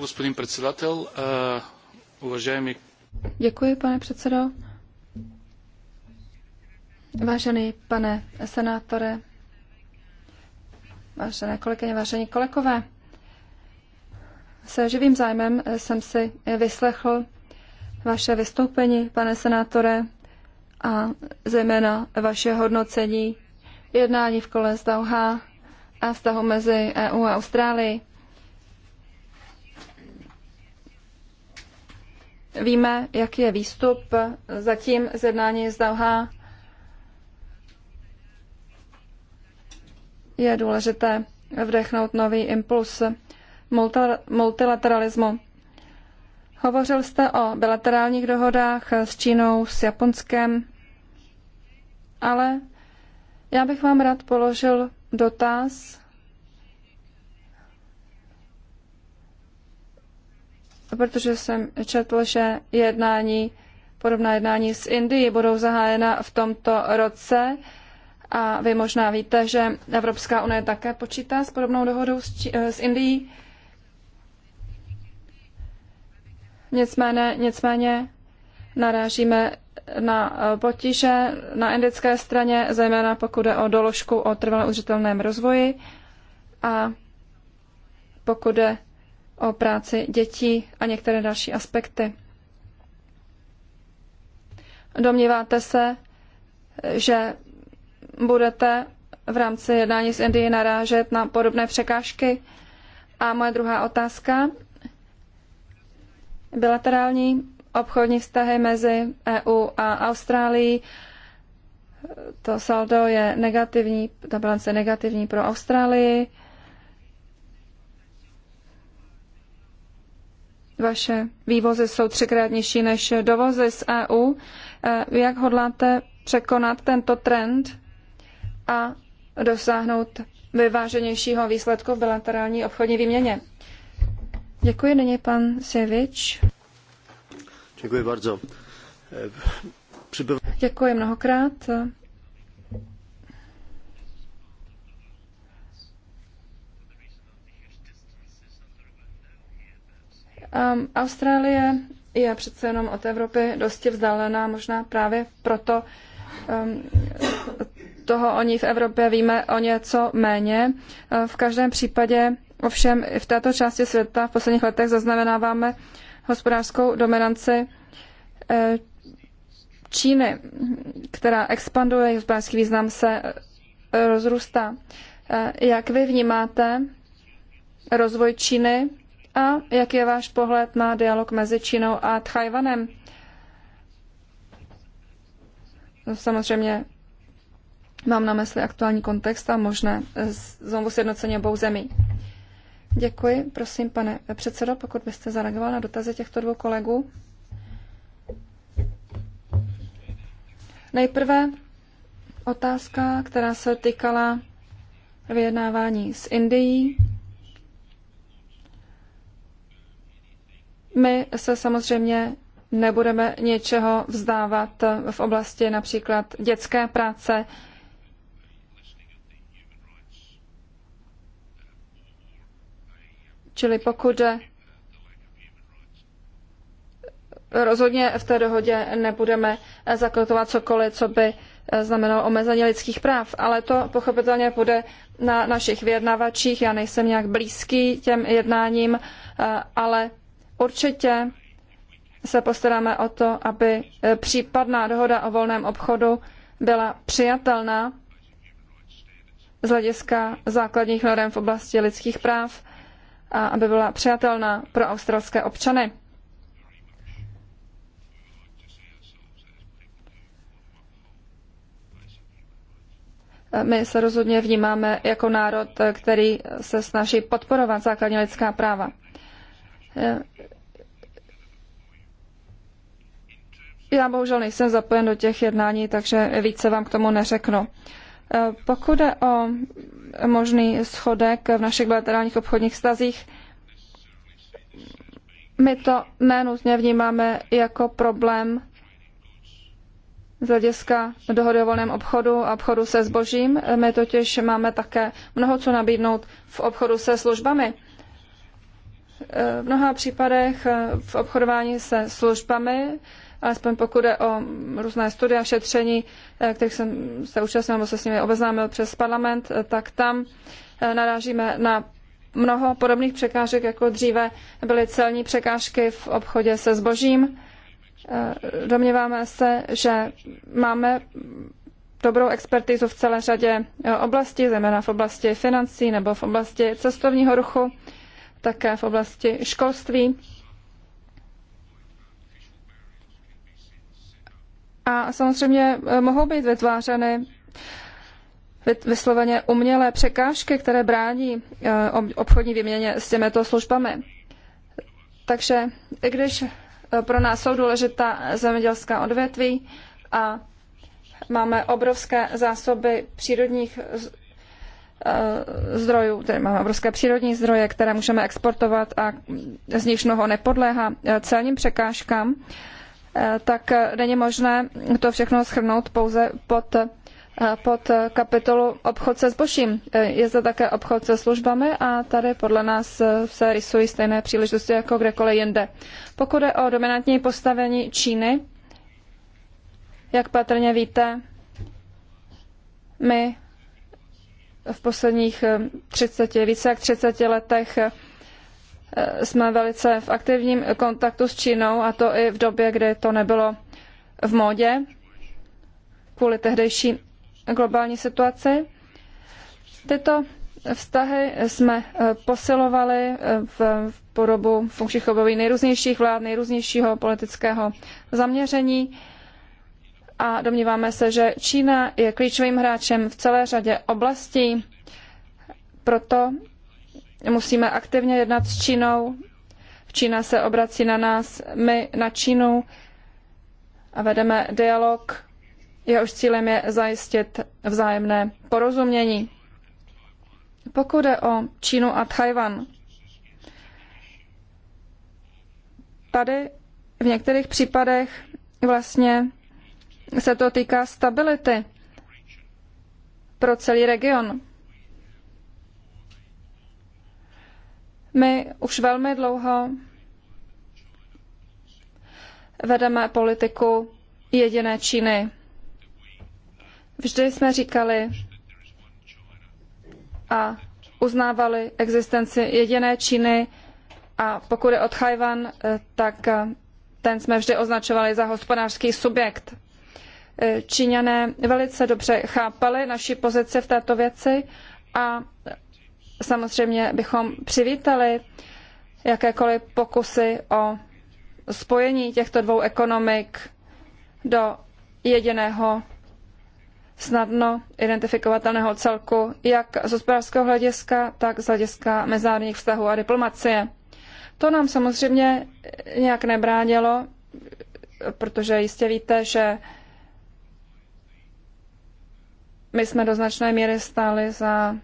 господин председател. Уважаеми... Děkuji, pane předsedo. Vážený pane senátore, Vážené kolegyně, vážení kolegové, se živým zájmem jsem si vyslechl vaše vystoupení, pane senátore, a zejména vaše hodnocení jednání v kole z Dauha a vztahu mezi EU a Austrálií. Víme, jaký je výstup zatím z jednání z Dauha je důležité vdechnout nový impuls multilateralismu. Hovořil jste o bilaterálních dohodách s Čínou, s Japonskem, ale já bych vám rád položil dotaz, protože jsem četl, že jednání, podobná jednání s Indií budou zahájena v tomto roce. A vy možná víte, že Evropská unie také počítá s podobnou dohodou s, Čí, eh, s Indií. Nicméně, nicméně narážíme na eh, potíže na indické straně, zejména pokud jde o doložku o trvalé udržitelném rozvoji a pokud jde o práci dětí a některé další aspekty. Domníváte se, že budete v rámci jednání s Indií narážet na podobné překážky? A moje druhá otázka. Bilaterální obchodní vztahy mezi EU a Austrálií. To saldo je negativní, ta bilance je negativní pro Austrálii. Vaše vývozy jsou třikrát nižší než dovozy z EU. E, jak hodláte překonat tento trend? a dosáhnout vyváženějšího výsledku v bilaterální obchodní výměně. Děkuji, nyní pan Sevič. Děkuji bardzo. Přibyl... Děkuji mnohokrát. Um, Austrálie je přece jenom od Evropy dosti vzdálená, možná právě proto um, toho o ní v Evropě víme o něco méně. Eh, v každém případě ovšem v této části světa v posledních letech zaznamenáváme hospodářskou dominanci eh, Číny, která expanduje, hospodářský význam se eh, rozrůstá. Jak vy vnímáte rozvoj Číny a jaký je váš pohled na dialog mezi Čínou a Tchajvanem? Samozřejmě Mám na mysli aktuální kontext a možné eh, znovu sjednocení obou zemí. Děkuji. Prosím, pane předsedo, pokud byste zareagoval na dotazy těchto dvou kolegů. Nejprve otázka, která se týkala vyjednávání s Indií. My se samozřejmě nebudeme něčeho vzdávat v oblasti například dětské práce, Čili pokud rozhodně v té dohodě nebudeme zakotovat cokoliv, co by znamenalo omezení lidských práv, ale to pochopitelně bude na našich vyjednavačích. Já nejsem nějak blízký těm jednáním, ale určitě se postaráme o to, aby případná dohoda o volném obchodu byla přijatelná z hlediska základních norm v oblasti lidských práv a aby byla přijatelná pro australské občany. My se rozhodně vnímáme jako národ, který se snaží podporovat základní lidská práva. Já bohužel nejsem zapojen do těch jednání, takže více vám k tomu neřeknu. Pokud je o možný schodek v našich bilaterálních obchodních stazích. My to nenutně vnímáme jako problém z hlediska dohody o volném obchodu a obchodu se zbožím. My totiž máme také mnoho co nabídnout v obchodu se službami. V mnoha případech v obchodování se službami alespoň pokud je o různé studia, šetření, eh, kterých jsem se účastnil nebo se s nimi obeznámil přes parlament, eh, tak tam eh, narážíme na mnoho podobných překážek, jako dříve byly celní překážky v obchodě se zbožím. Domníváme se, že máme dobrou expertizu v celé řadě oblastí, zejména v oblasti financí nebo v oblasti cestovního ruchu, také v oblasti školství A samozřejmě eh, mohou být vytvářeny vysloveně umělé překážky, které brání eh, obchodní výměně s těmito službami. Takže i když eh, pro nás jsou důležitá zemědělská odvětví a máme obrovské zásoby přírodních zdrojů, tedy máme obrovské přírodní zdroje, které můžeme exportovat a z nichž mnoho nepodléhá celním překážkám, Eh, tak eh, není možné to všechno schrnout pouze pod, eh, pod kapitolu obchod se zbožím. Je zde také obchod se službami a tady podle nás se rysují stejné příležitosti jako kdekoliv jinde. Pokud je o dominantní postavení Číny, jak patrně víte, my v posledních 30, více jak 30 letech Eh, jsme velice v aktivním kontaktu s Čínou a to i v době, kdy to nebylo v módě kvůli tehdejší globální situaci. Tyto vztahy jsme eh, posilovali eh, v podobu funkčních období nejrůznějších vlád, nejrůznějšího politického zaměření a domníváme se, že Čína je klíčovým hráčem v celé řadě oblastí. Proto Musíme aktivně jednat s Čínou. Čína se obrací na nás, my na Čínu a vedeme dialog. Jehož cílem je zajistit vzájemné porozumění. Pokud jde o Čínu a Tajvan, tady v některých případech vlastně se to týká stability pro celý region. My už velmi dlouho vedeme politiku jediné Číny. Vždy jsme říkali a uznávali existenci jediné Číny a pokud je od Chajvan, eh, tak eh, ten jsme vždy označovali za hospodářský subjekt. Eh, Číňané velice dobře chápali naši pozici v této věci a Samozřejmě bychom přivítali jakékoliv pokusy o spojení těchto dvou ekonomik do jediného snadno identifikovatelného celku, jak z hospodářského hlediska, tak z hlediska mezinárodních vztahů a diplomacie. To nám samozřejmě nějak nebránilo, protože jistě víte, že my jsme do značné míry stáli za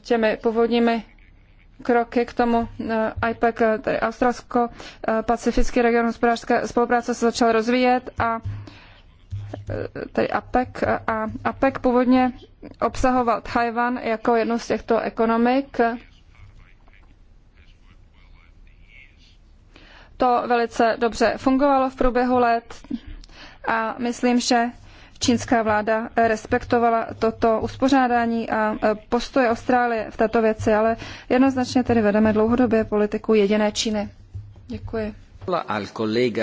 těmi původními kroky k tomu eh, IPEC, eh, tedy Australsko-Pacifický eh, region hospodářské spolupráce se začal rozvíjet a tedy APEC a APEC původně obsahoval Taiwan jako jednu z těchto ekonomik. To velice dobře fungovalo v průběhu let a myslím, že čínská vláda respektovala toto uspořádání a e, postoje Austrálie v této věci, ale jednoznačně tedy vedeme dlouhodobě politiku jediné Číny. Děkuji.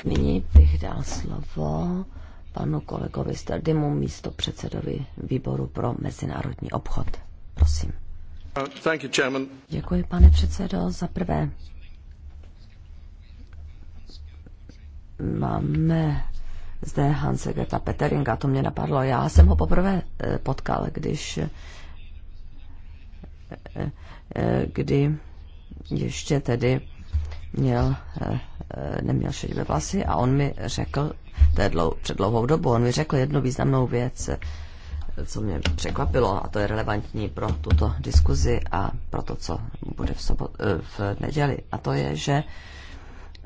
Nyní
bych dal slovo panu kolegovi Stardimu, místo předsedovi výboru pro mezinárodní obchod. Prosím.
Uh, you,
Děkuji, pane předsedo. Za prvé máme zde Hanse Greta Peteringa, to mě napadlo. Já jsem ho poprvé eh, potkal, když eh, eh, kdy ještě tedy měl, neměl šedivé vlasy a on mi řekl, to je dlou, před dlouhou dobu, on mi řekl jednu významnou věc, co mě překvapilo a to je relevantní pro tuto diskuzi a pro to, co bude v, sobot, v neděli. A to je, že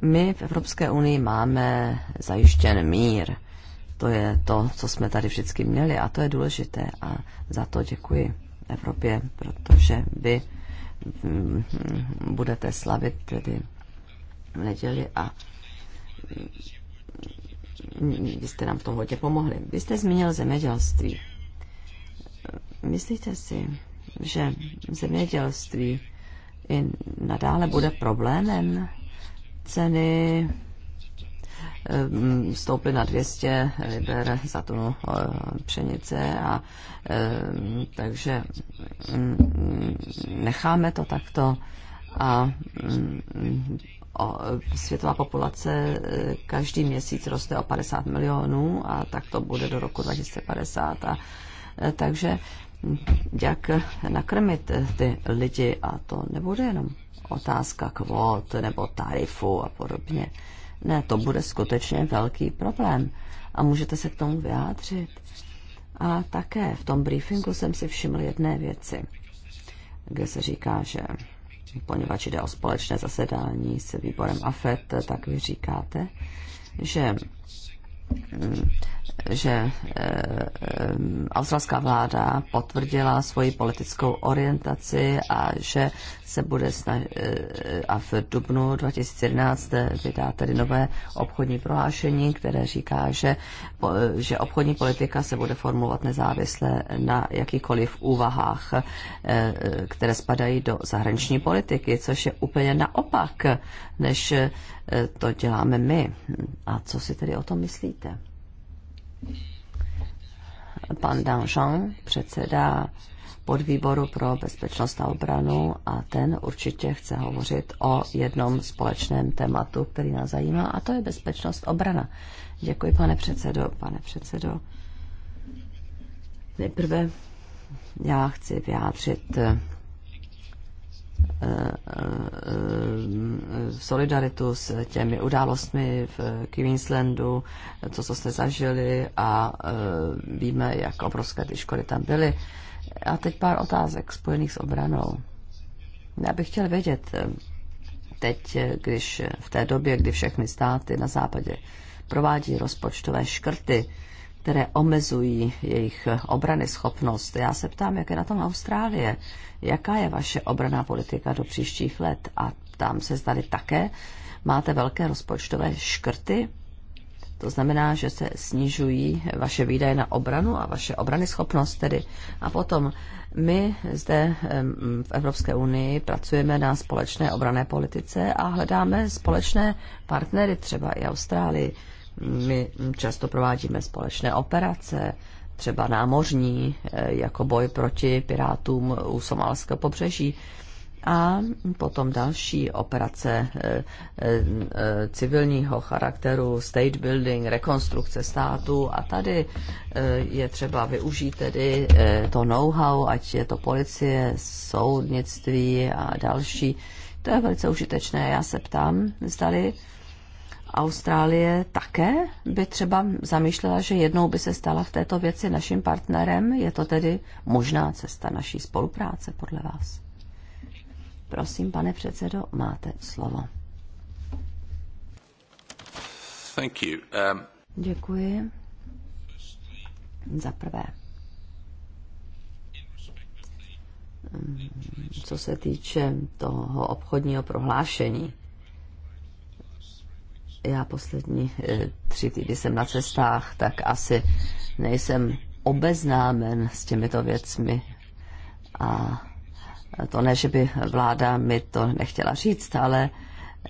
my v Evropské unii máme zajištěn mír. To je to, co jsme tady vždycky měli a to je důležité a za to děkuji Evropě, protože vy mm, budete slavit tedy v neděli a vy jste nám v tom hodně pomohli. Vy jste zmínil zemědělství. Myslíte si, že zemědělství i nadále bude problémem ceny ehm, stouply na 200 liber za tunu eh, pšenice a ehm, takže mm, necháme to takto a mm, světová populace eh, každý měsíc roste o 50 milionů a tak to bude do roku 2050 a eh, takže jak nakrmit ty lidi a to nebude jenom otázka kvót nebo tarifu a podobně. Ne, to bude skutečně velký problém a můžete se k tomu vyjádřit. A také v tom briefingu jsem si všiml jedné věci, kde se říká, že poněvadž jde o společné zasedání s výborem AFET, tak vy říkáte, že mm, že eh, eh, australská vláda potvrdila svoji politickou orientaci a že se bude snažit eh, a v dubnu 2011 vydá tedy nové obchodní prohlášení, které říká, že, že obchodní politika se bude formulovat nezávisle na jakýkoliv úvahách, eh, které spadají do zahraniční politiky, což je úplně naopak, než eh, to děláme my. A co si tedy o tom myslíte? Pan Danjean, předseda podvýboru pro bezpečnost a obranu a ten určitě chce hovořit o jednom společném tématu, který nás zajímá, a to je bezpečnost obrana. Děkuji, pane předsedo. Pane předsedo, nejprve já chci vyjádřit eh, eh, solidaritu s těmi událostmi v Queenslandu, to, co jste zažili a eh, víme, jak obrovské ty školy tam byly. A teď pár otázek spojených s obranou. Já bych chtěl vědět, eh, teď, eh, když eh, v té době, kdy všechny státy na západě provádí rozpočtové škrty, které omezují jejich obrany schopnost. Já se ptám, jak je na tom Austrálie, jaká je vaše obraná politika do příštích let a tam se zdali také máte velké rozpočtové škrty to znamená, že se snižují vaše výdaje na obranu a vaše obrany schopnost tedy. A potom my zde v Evropské unii pracujeme na společné obrané politice a hledáme společné partnery, třeba i Austrálii. My často provádíme společné operace, třeba námořní, e, jako boj proti pirátům u somálského pobřeží a potom další operace eh, eh, eh, civilního charakteru, state building, rekonstrukce státu a tady je třeba využít tedy to know-how, ať je to policie, soudnictví a další. To je velice užitečné. Já se ptám, zdali Austrálie také by třeba zamýšlela, že jednou by se stala v této věci naším partnerem. Je to tedy možná cesta naší spolupráce podle vás? Prosím, pane předsedo, máte slovo. Thank you. Um... Děkuji. Za prvé. Mm, co se týče toho obchodního prohlášení, já poslední eh, tři týdny jsem na cestách, tak asi nejsem obeznámen s těmito věcmi. A to ne, že by vláda mi to nechtěla říct, ale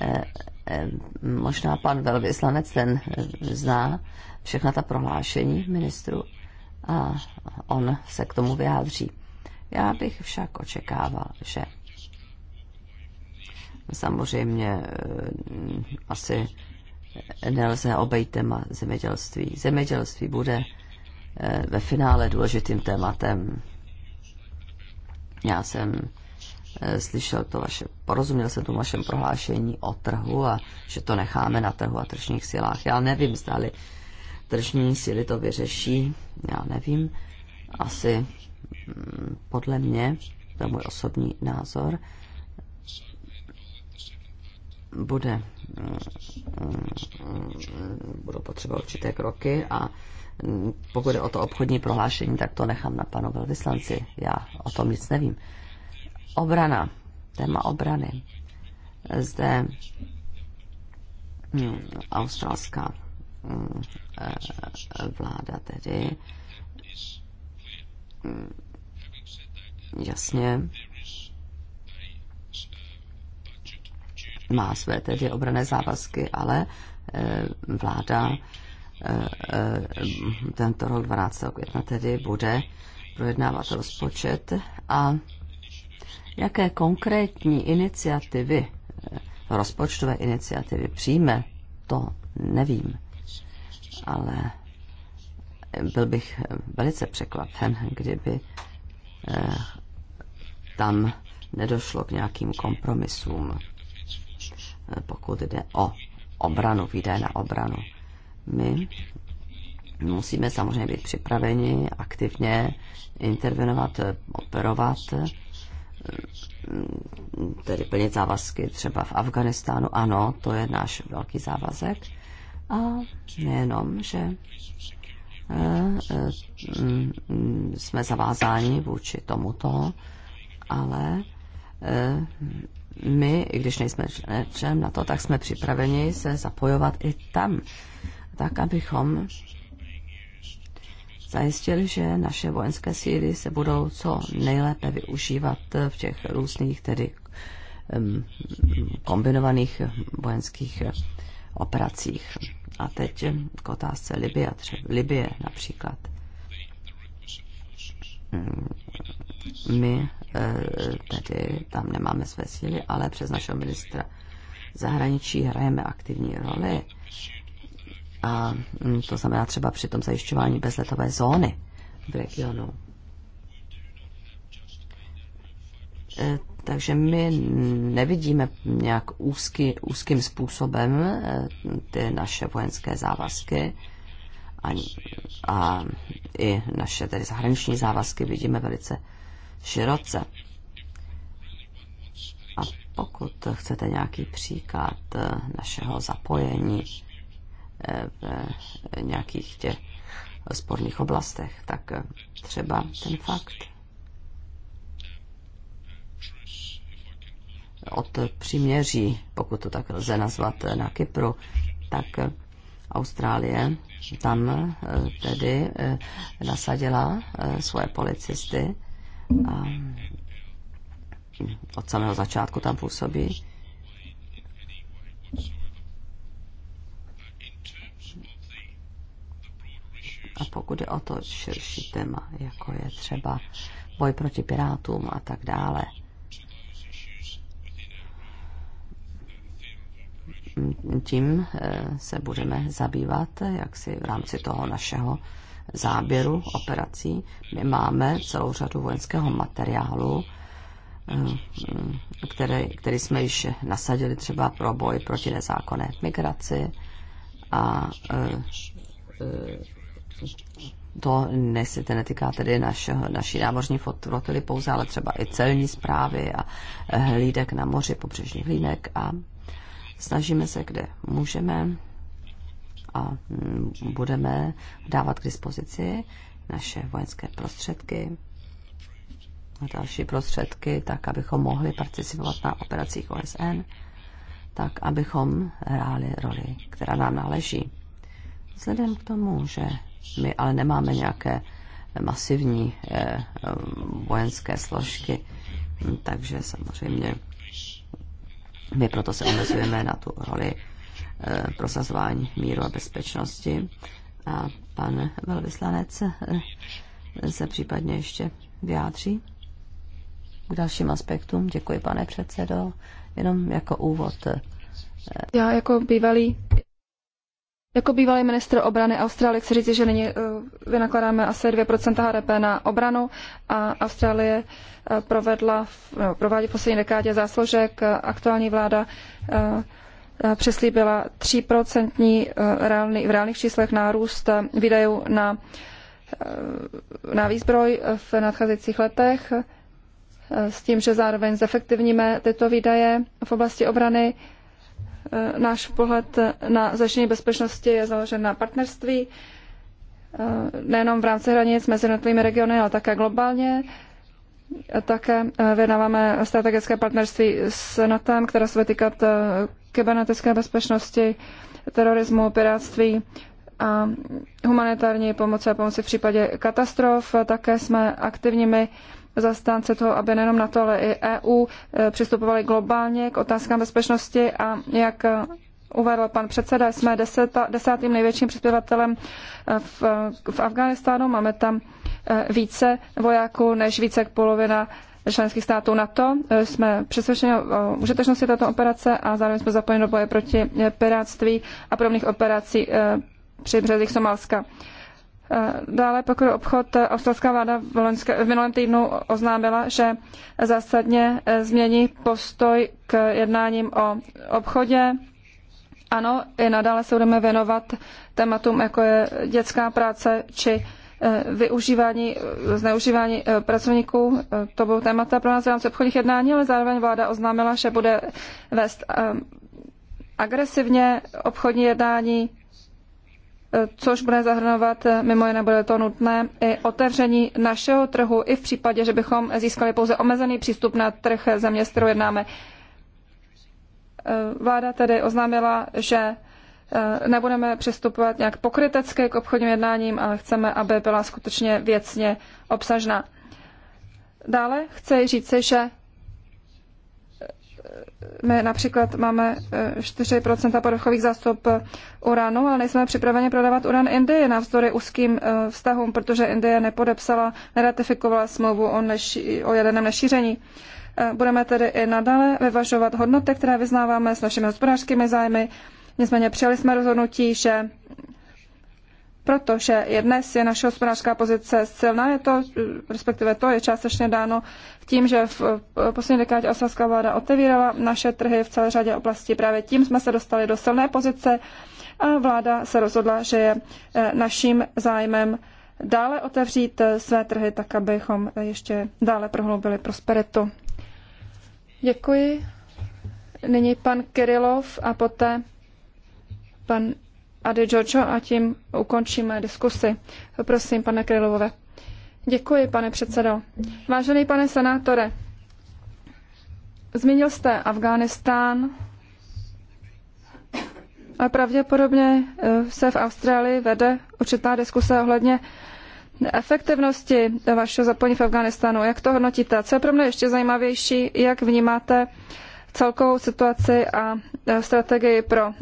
eh, eh, možná pan velvyslanec ten zná všechna ta prohlášení ministru a on se k tomu vyjádří. Já bych však očekával, že samozřejmě eh, asi nelze obejít téma zemědělství. Zemědělství bude ve finále důležitým tématem já jsem eh, slyšel to vaše, porozuměl jsem tomu vašem prohlášení o trhu a že to necháme na trhu a tržních silách. Já nevím, zdali tržní síly to vyřeší, já nevím. Asi mm, podle mě, to je můj osobní názor, bude, mm, mm, budou potřeba určité kroky a pokud je o to obchodní prohlášení, tak to nechám na panu velvyslanci. Já o tom nic nevím. Obrana. Téma obrany. Zde hm, australská hm, eh, vláda tedy hm, jasně má své tedy obrané závazky, ale eh, vláda Eh, eh, tento rok 12. května tedy bude projednávat rozpočet a jaké konkrétní iniciativy, eh, rozpočtové iniciativy přijme, to nevím. Ale byl bych velice překvapen, kdyby tam nedošlo k nějakým kompromisům, pokud jde o obranu, výdaje na obranu. My musíme samozřejmě být připraveni aktivně intervenovat, operovat, tedy plnit závazky třeba v Afganistánu. Ano, to je náš velký závazek. A nejenom, že eh, jsme zavázáni vůči tomuto, ale eh, my, i když nejsme členem na to, tak jsme připraveni se zapojovat i tam tak abychom zajistili, že naše vojenské síly se budou co nejlépe využívat v těch různých tedy kombinovaných vojenských operacích. A teď k otázce Libie, třeba Libie například. Mm, my e, tedy tam nemáme své síly, ale přes našeho ministra zahraničí hrajeme aktivní roli a mm, to znamená třeba při tom zajišťování bezletové zóny v regionu. E, takže my nevidíme nějak úzky, úzkým způsobem e, ty naše vojenské závazky a, a i naše tedy zahraniční závazky vidíme velice široce. A pokud chcete nějaký příklad e, našeho zapojení, v nějakých těch sporných oblastech. Tak třeba ten fakt od příměří, pokud to tak lze nazvat, na Kypru, tak Austrálie tam eh, tedy eh, nasadila eh, svoje policisty a od samého začátku tam působí A pokud je o to širší téma, jako je třeba boj proti pirátům a tak dále, tím eh, se budeme zabývat, jak si v rámci toho našeho záběru operací. My máme celou řadu vojenského materiálu, eh, který, který jsme již nasadili třeba pro boj proti nezákonné migraci a eh, to ne, se netýká tedy naš, naší námořní flotily pouze, ale třeba i celní zprávy a eh, hlídek na moři, pobřežní hlídek a snažíme se, kde můžeme a mm, budeme dávat k dispozici naše vojenské prostředky a další prostředky, tak abychom mohli participovat na operacích OSN, tak abychom hráli roli, která nám náleží. Vzhledem k tomu, že my ale nemáme nějaké masivní eh, vojenské složky, takže samozřejmě my proto se omezujeme na tu roli eh, prosazování míru a bezpečnosti. A pan velvyslanec eh, se případně ještě vyjádří k dalším aspektům. Děkuji, pane předsedo. Jenom jako úvod.
Já jako bývalý jako bývalý ministr obrany Austrálie chci říct, že nyní eh, vynakládáme asi 2% HDP na obranu a Austrálie eh, provedla, no, provádí v poslední dekádě zásložek Aktuální vláda eh, přeslíbila 3% reálný, v reálných číslech nárůst výdajů na, na výzbroj v nadcházejících letech s tím, že zároveň zefektivníme tyto výdaje v oblasti obrany Eh, náš pohled na zajištění bezpečnosti je založen na partnerství, eh, nejenom v rámci hranic mezi jednotlivými regiony, ale také globálně. Také eh, vyjednáváme strategické partnerství s NATO, které se bude týkat kybernetické bezpečnosti, terorismu, piráctví a humanitární pomoci a pomoci v případě katastrof. Také jsme aktivními zastánce toho, aby nejenom NATO, ale i EU e, přistupovali globálně k otázkám bezpečnosti a jak e, uvedl pan předseda, jsme deseta, desátým největším přispěvatelem e, v, v Afganistánu. Máme tam více vojáků než více jak polovina členských států NATO. Jsme přesvědčeni o užitečnosti této operace a zároveň jsme zapojeni do boje proti piráctví a podobných operací při březích Somálska. Dále, pokud obchod, eh, australská vláda v, loňské, v minulém týdnu oznámila, že zásadně eh, změní postoj k jednáním o obchodě. Ano, i nadále se budeme věnovat tématům, jako je dětská práce či eh, využívání, zneužívání pracovníků. To budou témata pro nás v rámci obchodních jednání, ale zároveň vláda oznámila, že bude vést agresivně obchodní jednání což bude zahrnovat mimo jiné bude to nutné i otevření našeho trhu i v případě, že bychom získali pouze omezený přístup na trh země, s kterou jednáme. Vláda tedy oznámila, že eh, nebudeme přistupovat nějak pokrytecky k obchodním jednáním, ale chceme, aby byla skutečně věcně obsažná. Dále chci říci, že my například máme 4% eh, povrchových zásob uranu, ale nejsme připraveni prodávat uran Indie navzdory úzkým eh, vztahům, protože Indie nepodepsala, neratifikovala smlouvu o, neši, o jaderném nešíření. Eh, budeme tedy i nadále vyvažovat hodnoty, které vyznáváme s našimi hospodářskými zájmy. Nicméně přijali jsme rozhodnutí, že protože je dnes je naše hospodářská pozice silná, je to, respektive to je částečně dáno tím, že v poslední dekádě osavská vláda otevírala naše trhy v celé řadě oblastí. Právě tím jsme se dostali do silné pozice a vláda se rozhodla, že je eh, naším zájmem dále otevřít eh, své trhy tak, abychom ještě dále prohloubili prosperitu. Děkuji. Nyní pan Kirilov a poté pan Adi Giorgio a tím ukončíme diskusi. Prosím, pane Krylovové. Děkuji, pane předsedo. Vážený pane senátore, zmínil jste Afghánistán, a pravděpodobně eh, se v Austrálii vede určitá diskuse ohledně efektivnosti vašeho zapojení v Afghánistánu. Jak to hodnotíte? Co je pro mě ještě zajímavější, jak vnímáte celkovou situaci a Eh, strategii pro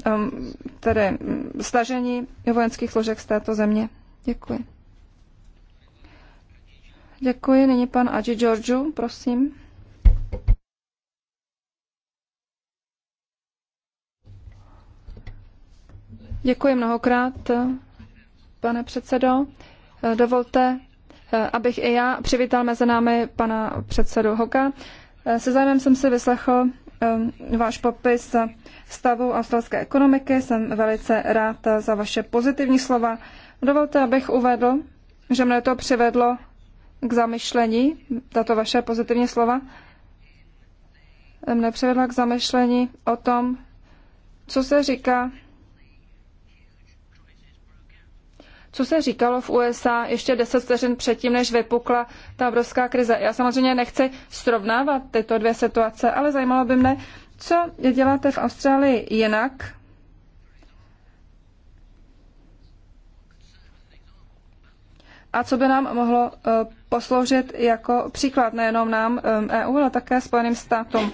tedy mm, stažení vojenských složek z této země. Děkuji. Děkuji. Nyní pan Aji Georgiou, prosím. Děkuji mnohokrát, pane předsedo. Eh, dovolte, eh, abych i já přivítal mezi námi pana předsedu Hoka. Se zájmem jsem si vyslechl Um, váš popis stavu australské ekonomiky. Jsem velice rád za vaše pozitivní slova. Dovolte, abych uvedl, že mne to přivedlo k zamyšlení, tato vaše pozitivní slova, mne přivedla k zamyšlení o tom, co se říká co se říkalo v USA ještě deset vteřin předtím, než vypukla ta obrovská krize. Já samozřejmě nechci srovnávat tyto dvě situace, ale zajímalo by mne, co děláte v Austrálii jinak, a co by nám mohlo eh, posloužit jako příklad nejenom nám EU, eh, e ale také Spojeným státům.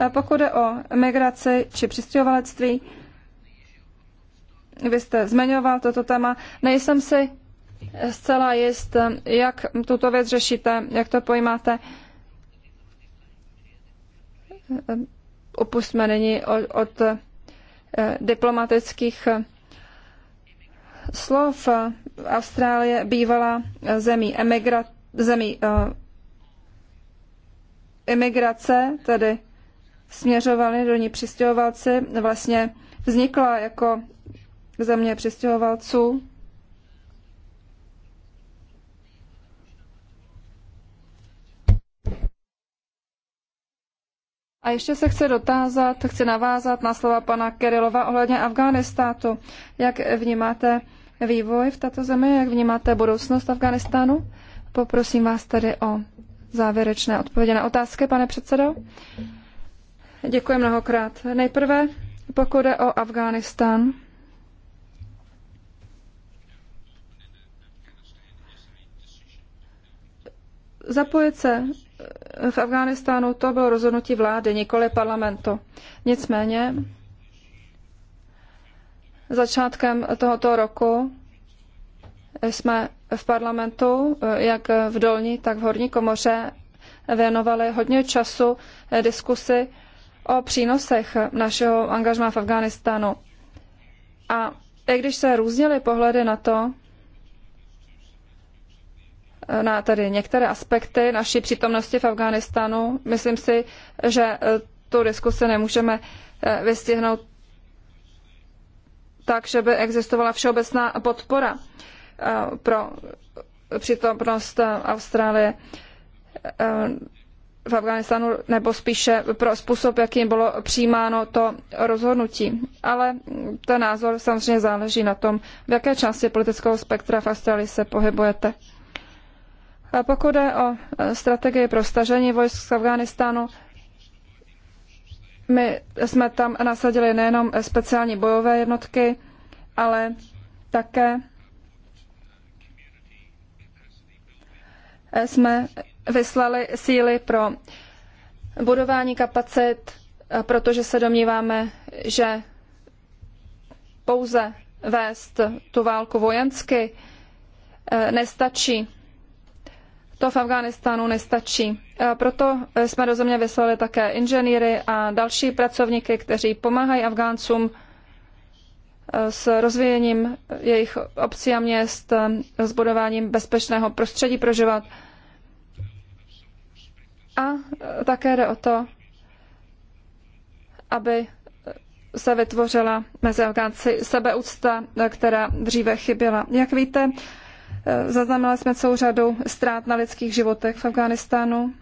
Eh, pokud jde o migraci či přistěhovalectví, vy jste zmiňoval toto téma. Nejsem si zcela jist, jak tuto věc řešíte, jak to pojímáte. Opustme nyní od, od eh, diplomatických slov. Austrálie bývala zemí, emigra, zemí uh, imigrace, tedy směřovali do ní přistěhovalci, vlastně vznikla jako země přistěhovalců. A ještě se chci dotázat, chci navázat na slova pana Kerilova ohledně Afganistátu. Jak vnímáte vývoj v této zemi, jak vnímáte budoucnost Afganistánu? Poprosím vás tedy o závěrečné odpovědi na otázky, pane předsedo. Děkuji mnohokrát. Nejprve, pokud jde o Afganistán, Zapojit se eh, v Afghánistánu to bylo rozhodnutí vlády, nikoli parlamentu. Nicméně začátkem tohoto roku jsme v parlamentu, eh, jak v dolní, tak v horní komoře, věnovali hodně času eh, diskusi o přínosech našeho angažmá v Afghánistánu. A i když se různily pohledy na to, na tedy některé aspekty naší přítomnosti v Afghánistánu. Myslím si, že e, tu diskusi nemůžeme e, vystihnout tak, že by existovala všeobecná podpora e, pro přítomnost Austrálie v Afganistánu, nebo spíše pro způsob, jakým bylo přijímáno to rozhodnutí. Ale ten názor samozřejmě záleží na tom, v jaké části politického spektra v Austrálii se pohybujete pokud jde o e, strategii pro stažení vojsk z Afganistánu, my jsme tam nasadili nejenom speciální bojové jednotky, ale také jsme vyslali síly pro budování kapacit, protože se domníváme, že pouze vést tu válku vojensky e, nestačí to v Afghánistánu nestačí. E, proto jsme do země vyslali také inženýry a další pracovníky, kteří pomáhají Afgáncům e, s rozvíjením jejich obcí a měst, e, s budováním bezpečného prostředí pro život. A také jde o to, aby se vytvořila mezi Afgánci sebeúcta, která dříve chyběla. Jak víte, Eh, zaznamenali jsme celou řadu ztrát na lidských životech v Afghánistánu,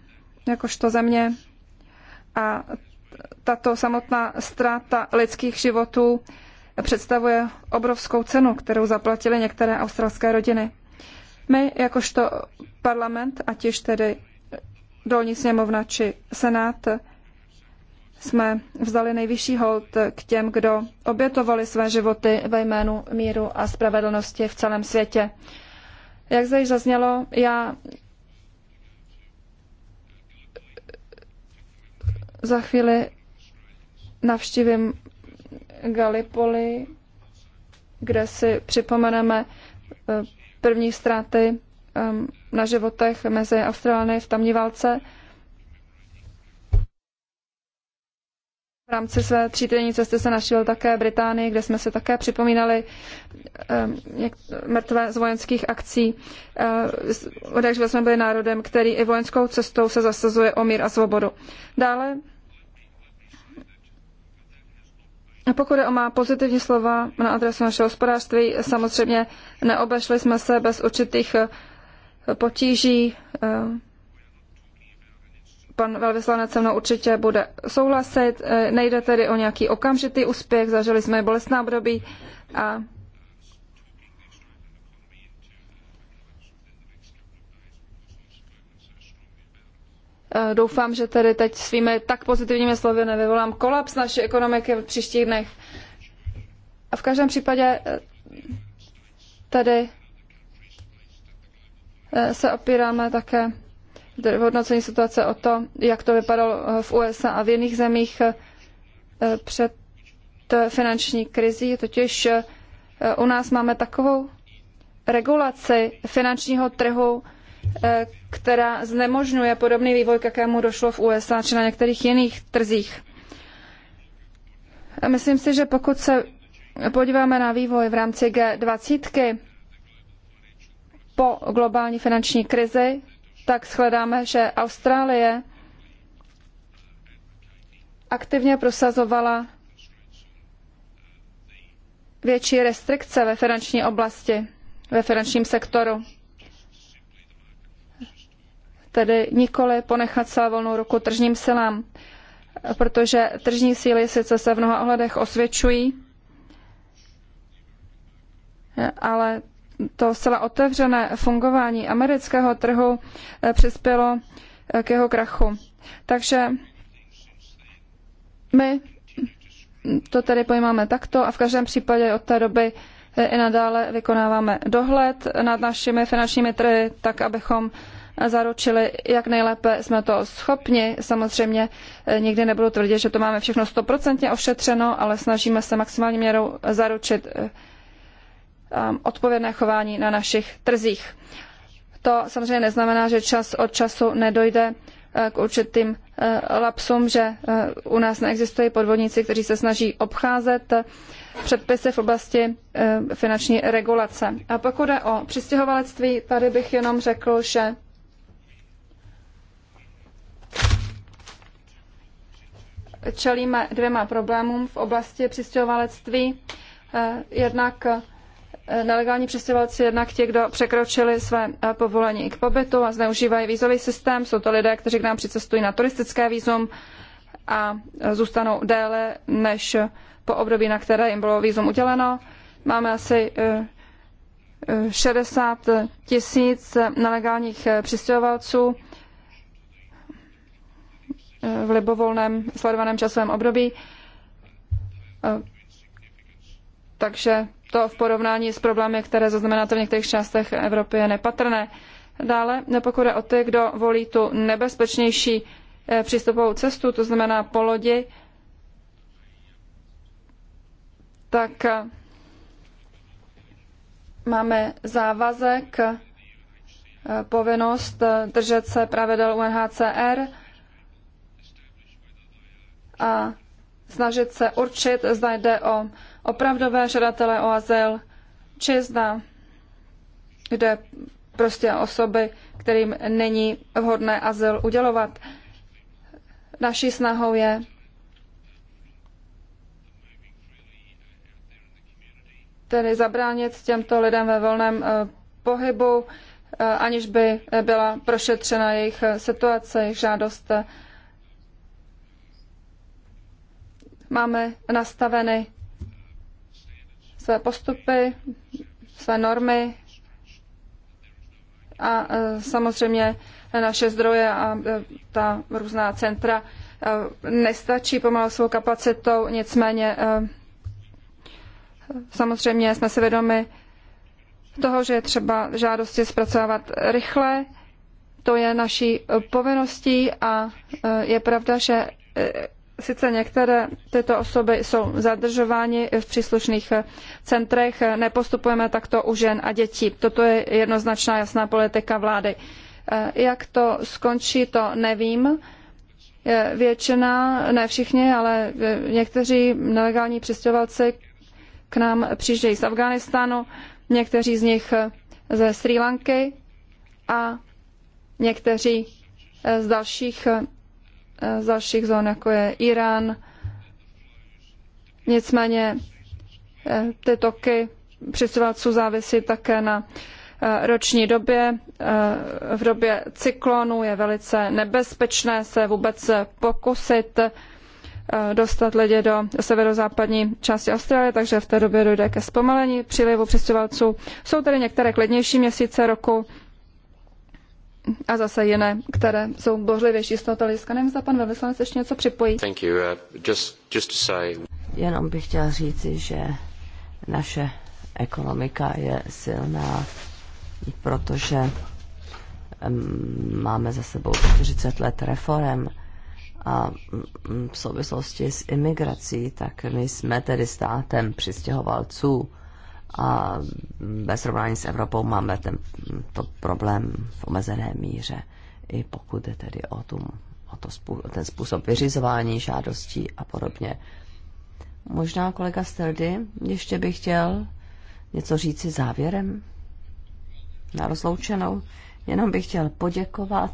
jakožto země. A tato samotná ztráta lidských životů představuje obrovskou cenu, kterou zaplatily některé australské rodiny. My, jakožto parlament, ať již tedy dolní sněmovna či senát, jsme vzali nejvyšší hold k těm, kdo obětovali své životy ve jménu míru a spravedlnosti v celém světě. Jak zde již zaznělo, já za chvíli navštívím Galipoli, kde si připomeneme eh, první ztráty ehm, na životech mezi Austrálny v tamní válce. V rámci své třídenní cesty se našel také Británii, kde jsme se také připomínali ehm, mrtvé z vojenských akcí. Takže ehm, jsme byli národem, který i vojenskou cestou se zasazuje o mír a svobodu. Dále, pokud je o má pozitivní slova na adresu našeho hospodářství, samozřejmě neobešli jsme se bez určitých eh, potíží, ehm, pan velvyslanec se mnou určitě bude souhlasit. Eh, nejde tedy o nějaký okamžitý úspěch, zažili jsme bolestná období a eh, Doufám, že tedy teď svými tak pozitivními slovy nevyvolám kolaps naší ekonomiky v příštích dnech. A v každém případě eh, tady se opíráme také hodnocení situace o to, jak to vypadalo eh, v USA a v jiných zemích eh, před eh, finanční krizí. Totiž u nás máme takovou regulaci finančního trhu, která znemožňuje podobný vývoj, k jakému došlo v USA či na některých jiných trzích. Myslím si, že pokud se podíváme na vývoj v rámci G20 po globální finanční krizi, tak shledáme, že Austrálie aktivně prosazovala větší restrikce ve finanční oblasti, ve finančním sektoru. Tedy nikoli ponechat celou volnou ruku tržním silám, protože tržní síly sice se v mnoha ohledech osvědčují, ale to zcela otevřené fungování amerického trhu eh, přispělo eh, k jeho krachu. Takže my to tedy pojímáme takto a v každém případě od té doby eh, i nadále vykonáváme dohled nad našimi finančními trhy, tak abychom zaručili, jak nejlépe jsme to schopni. Samozřejmě nikdy nebudu tvrdit, že to máme všechno stoprocentně ošetřeno, ale snažíme se maximální měrou zaručit Um, odpovědné chování na našich trzích. To samozřejmě neznamená, že čas od času nedojde uh, k určitým uh, lapsům, že uh, u nás neexistují podvodníci, kteří se snaží obcházet předpisy v oblasti finanční regulace. A pokud jde o přistěhovalectví, tady bych jenom řekl, že čelíme dvěma problémům v oblasti přistěhovalectví. Jednak Eh, nelegální přistěhovalci, jednak ti, kdo překročili své eh, povolení k pobytu a zneužívají vízový systém. Jsou to lidé, kteří k nám přicestují na turistické vízum a eh, zůstanou déle než po období, na které jim bylo vízum uděleno. Máme asi 60 tisíc nelegálních přistěhovalců v libovolném sledovaném časovém období. Takže to v porovnání s problémy, které zaznamenáte v některých částech Evropy, je nepatrné. Dále, je o ty, kdo volí tu nebezpečnější eh, přístupovou cestu, to znamená po lodi, tak eh, máme závazek, eh, povinnost držet se pravidel UNHCR a snažit se určit, zda jde o opravdové žadatele o azyl, či zda jde prostě osoby, kterým není vhodné azyl udělovat. Naší snahou je tedy zabránit těmto lidem ve volném eh, pohybu, eh, aniž by byla prošetřena jejich eh, situace, jejich žádost. Máme nastaveny své postupy, své normy a e, samozřejmě naše zdroje a e, ta různá centra e, nestačí pomalu svou kapacitou, nicméně samozřejmě jsme si vědomi toho, že je třeba žádosti zpracovávat rychle, to je naší povinností a je pravda, že Sice některé tyto osoby jsou zadržovány v příslušných centrech, nepostupujeme takto u žen a dětí. Toto je jednoznačná jasná politika vlády. Eh, jak to skončí, to nevím. Eh, většina, ne všichni, ale eh, někteří nelegální přistěhovalci k nám přijíždějí z Afghánistánu, někteří z nich ze Sri Lanky a někteří z dalších Eh, z dalších zón, jako je Irán. Nicméně eh, ty toky přistěhovalců závisí také na eh, roční době. V době cyklonu je velice nebezpečné se vůbec pokusit dostat lidi do severozápadní části Austrálie, takže v té době dojde ke zpomalení přílivu přistěhovalců. Jsou tedy některé klidnější měsíce roku, a zase jiné, které jsou bořlivější z toho hlediska. Nevím, zda pan velvyslanec ještě něco připojí.
Thank you. Uh, just, just to say...
Jenom bych chtěla říci, že
naše ekonomika je silná, protože máme za sebou 40 let reform a mm, v souvislosti s imigrací, tak my jsme tedy státem přistěhovalců a ve srovnání s Evropou máme to problém v omezené míře, i pokud je tedy o, tu, o to, o ten způsob vyřizování žádostí a podobně. Možná kolega Steldy ještě by chtěl něco říci závěrem na rozloučenou. Jenom bych chtěl poděkovat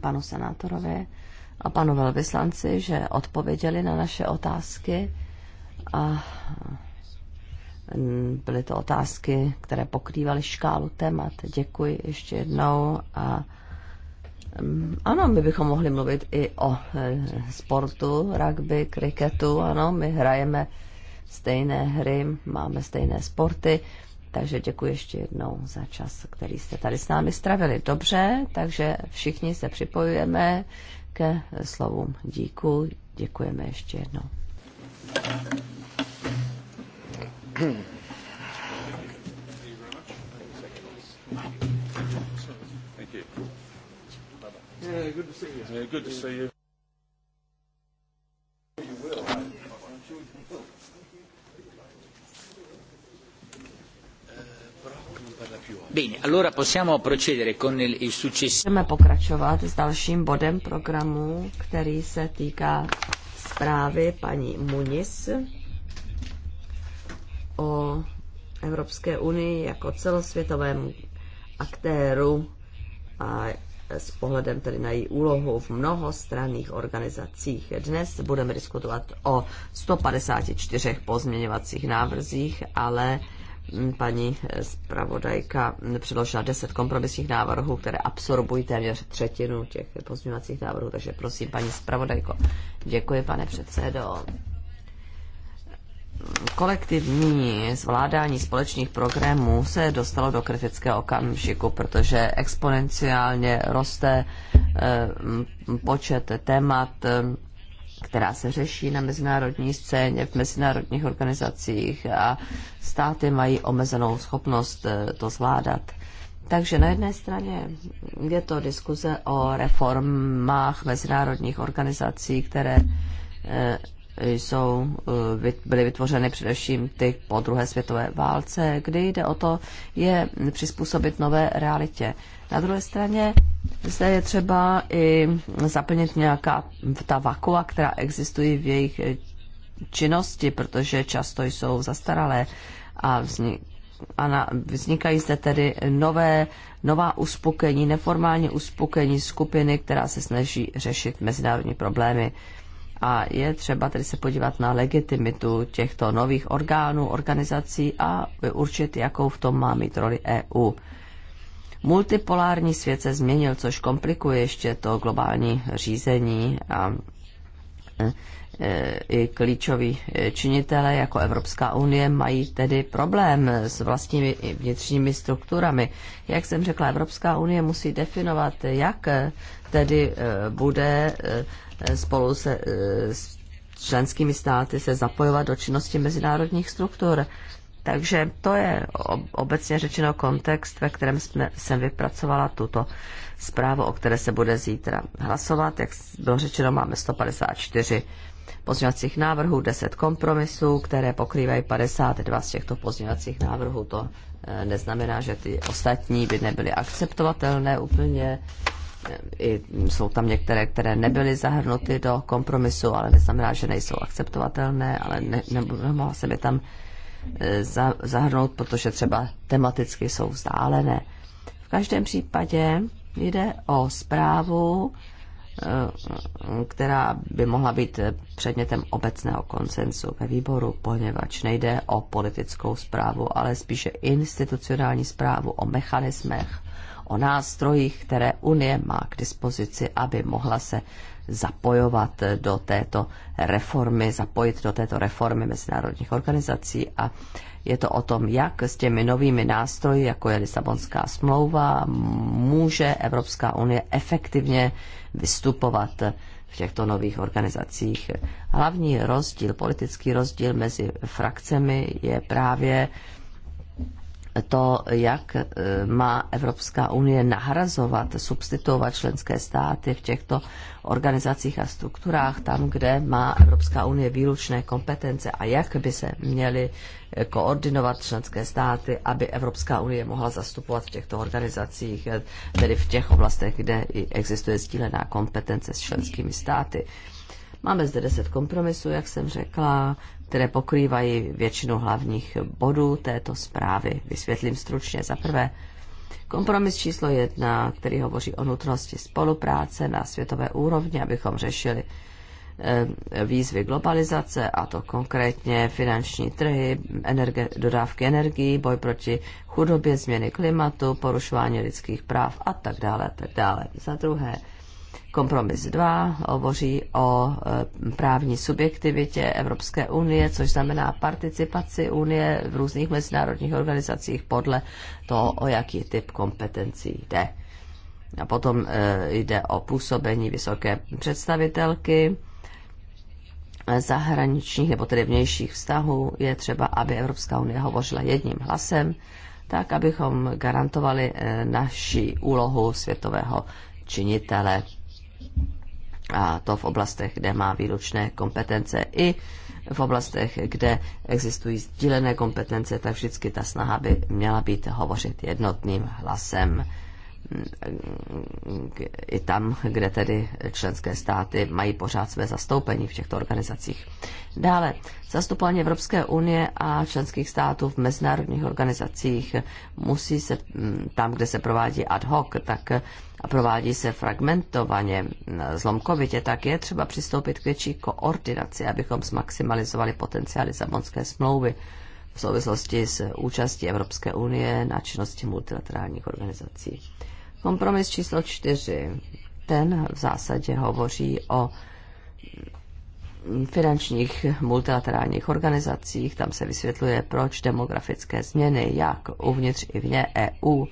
panu senátorovi a panu velvyslanci, že odpověděli na naše otázky a Byly to otázky, které pokrývaly škálu témat. Děkuji ještě jednou a mm, ano, my bychom mohli mluvit i o eh, sportu, rugby, kriketu. Ano, my hrajeme stejné hry, máme stejné sporty. Takže děkuji ještě jednou za čas, který jste tady s námi stravili. Dobře, takže všichni se připojujeme ke slovům díku. Děkujeme ještě jednou.
Thank
you. Yeah, good to see you. Yeah, possiamo procedere con il successivo. Můžeme
pokračovat s dalším bodem programu, který se týká zprávy paní Muniz o Evropské unii jako celosvětovému aktéru a s pohledem tedy na její úlohu v mnohostranných organizacích. Dnes budeme diskutovat o 154 pozměňovacích návrzích, ale mm, paní zpravodajka předložila 10 kompromisních návrhů, které absorbují téměř třetinu těch pozměňovacích návrhů, takže prosím, paní zpravodajko. Děkuji, pane předsedo kolektivní zvládání společných programů se dostalo do kritického okamžiku, protože exponenciálně roste eh, počet témat, eh, která se řeší na mezinárodní scéně, v mezinárodních organizacích a státy mají omezenou schopnost eh, to zvládat. Takže na jedné straně je to diskuze o reformách mezinárodních organizací, které jsou, eh, byly vytvořeny především ty po druhé světové válce, kdy jde o to je přizpůsobit nové realitě. Na druhé straně zde je třeba i zaplnit nějaká ta vakua, která existují v jejich činnosti, protože často jsou zastaralé a vznik, a na, vznikají zde tedy nové, nová uspokojení, neformální uspokojení skupiny, která se snaží řešit mezinárodní problémy. A je třeba tedy se podívat na legitimitu těchto nových orgánů, organizací a určit, jakou v tom má mít roli EU. Multipolární svět se změnil, což komplikuje ještě to globální řízení a e, e, i klíčoví e, činitelé jako Evropská unie mají tedy problém s vlastními vnitřními strukturami. Jak jsem řekla, Evropská unie musí definovat, jak tedy bude Eh, spolu se eh, s členskými státy se zapojovat do činnosti mezinárodních struktur. Takže to je obecně řečeno kontext, ve kterém jsme, jsem vypracovala tuto zprávu, o které se bude zítra hlasovat. Jak bylo řečeno, máme 154 pozměňovacích návrhů, 10 kompromisů, které pokrývají 52 z těchto pozměňovacích návrhů. To eh, neznamená, že ty ostatní by nebyly akceptovatelné úplně i, jsou tam některé, které nebyly zahrnuty do kompromisu, ale neznamená, že nejsou akceptovatelné, ale ne, nemohla se mi tam e, za, zahrnout, protože třeba tematicky jsou vzdálené. V každém případě jde o zprávu, e, která by mohla být předmětem obecného konsenzu ve výboru, poněvadž nejde o politickou zprávu, ale spíše institucionální zprávu o mechanismech o nástrojích, které Unie má k dispozici, aby mohla se zapojovat do této reformy, zapojit do této reformy mezinárodních organizací a je to o tom, jak s těmi novými nástroji, jako je Lisabonská smlouva, může Evropská unie efektivně vystupovat v těchto nových organizacích. Hlavní rozdíl, politický rozdíl mezi frakcemi je právě to, jak e, má Evropská unie nahrazovat, substituovat členské státy v těchto organizacích a strukturách, tam, kde má Evropská unie výlučné kompetence a jak by se měly e, koordinovat členské státy, aby Evropská unie mohla zastupovat v těchto organizacích, e, tedy v těch oblastech, kde existuje sdílená kompetence s členskými státy. Máme zde deset kompromisů, jak jsem řekla které pokrývají většinu hlavních bodů této zprávy. Vysvětlím stručně. Za prvé, kompromis číslo jedna, který hovoří o nutnosti spolupráce na světové úrovni, abychom řešili eh, výzvy globalizace, a to konkrétně finanční trhy, energe, dodávky energií, boj proti chudobě, změny klimatu, porušování lidských práv a tak dále, tak dále. Za druhé, Kompromis 2 hovoří o e, právní subjektivitě Evropské unie, což znamená participaci unie v různých mezinárodních organizacích podle toho, o jaký typ kompetencí jde. A potom e, jde o působení vysoké představitelky zahraničních nebo tedy vnějších vztahů. Je třeba, aby Evropská unie hovořila jedním hlasem, tak abychom garantovali e, naši úlohu světového činitele a to v oblastech, kde má výlučné kompetence i v oblastech, kde existují sdílené kompetence, tak vždycky ta snaha by měla být hovořit jednotným hlasem. I tam, kde tedy členské státy mají pořád své zastoupení v těchto organizacích. Dále, zastupování Evropské unie a členských států v mezinárodních organizacích musí se tam, kde se provádí ad hoc, tak a provádí se fragmentovaně, zlomkovitě, tak je třeba přistoupit k větší koordinaci, abychom zmaximalizovali potenciály Sabonské smlouvy v souvislosti s účastí Evropské unie na činnosti multilaterálních organizací. Kompromis číslo čtyři. Ten v zásadě hovoří o finančních multilaterálních organizacích. Tam se vysvětluje, proč demografické změny, jak uvnitř i vně EU,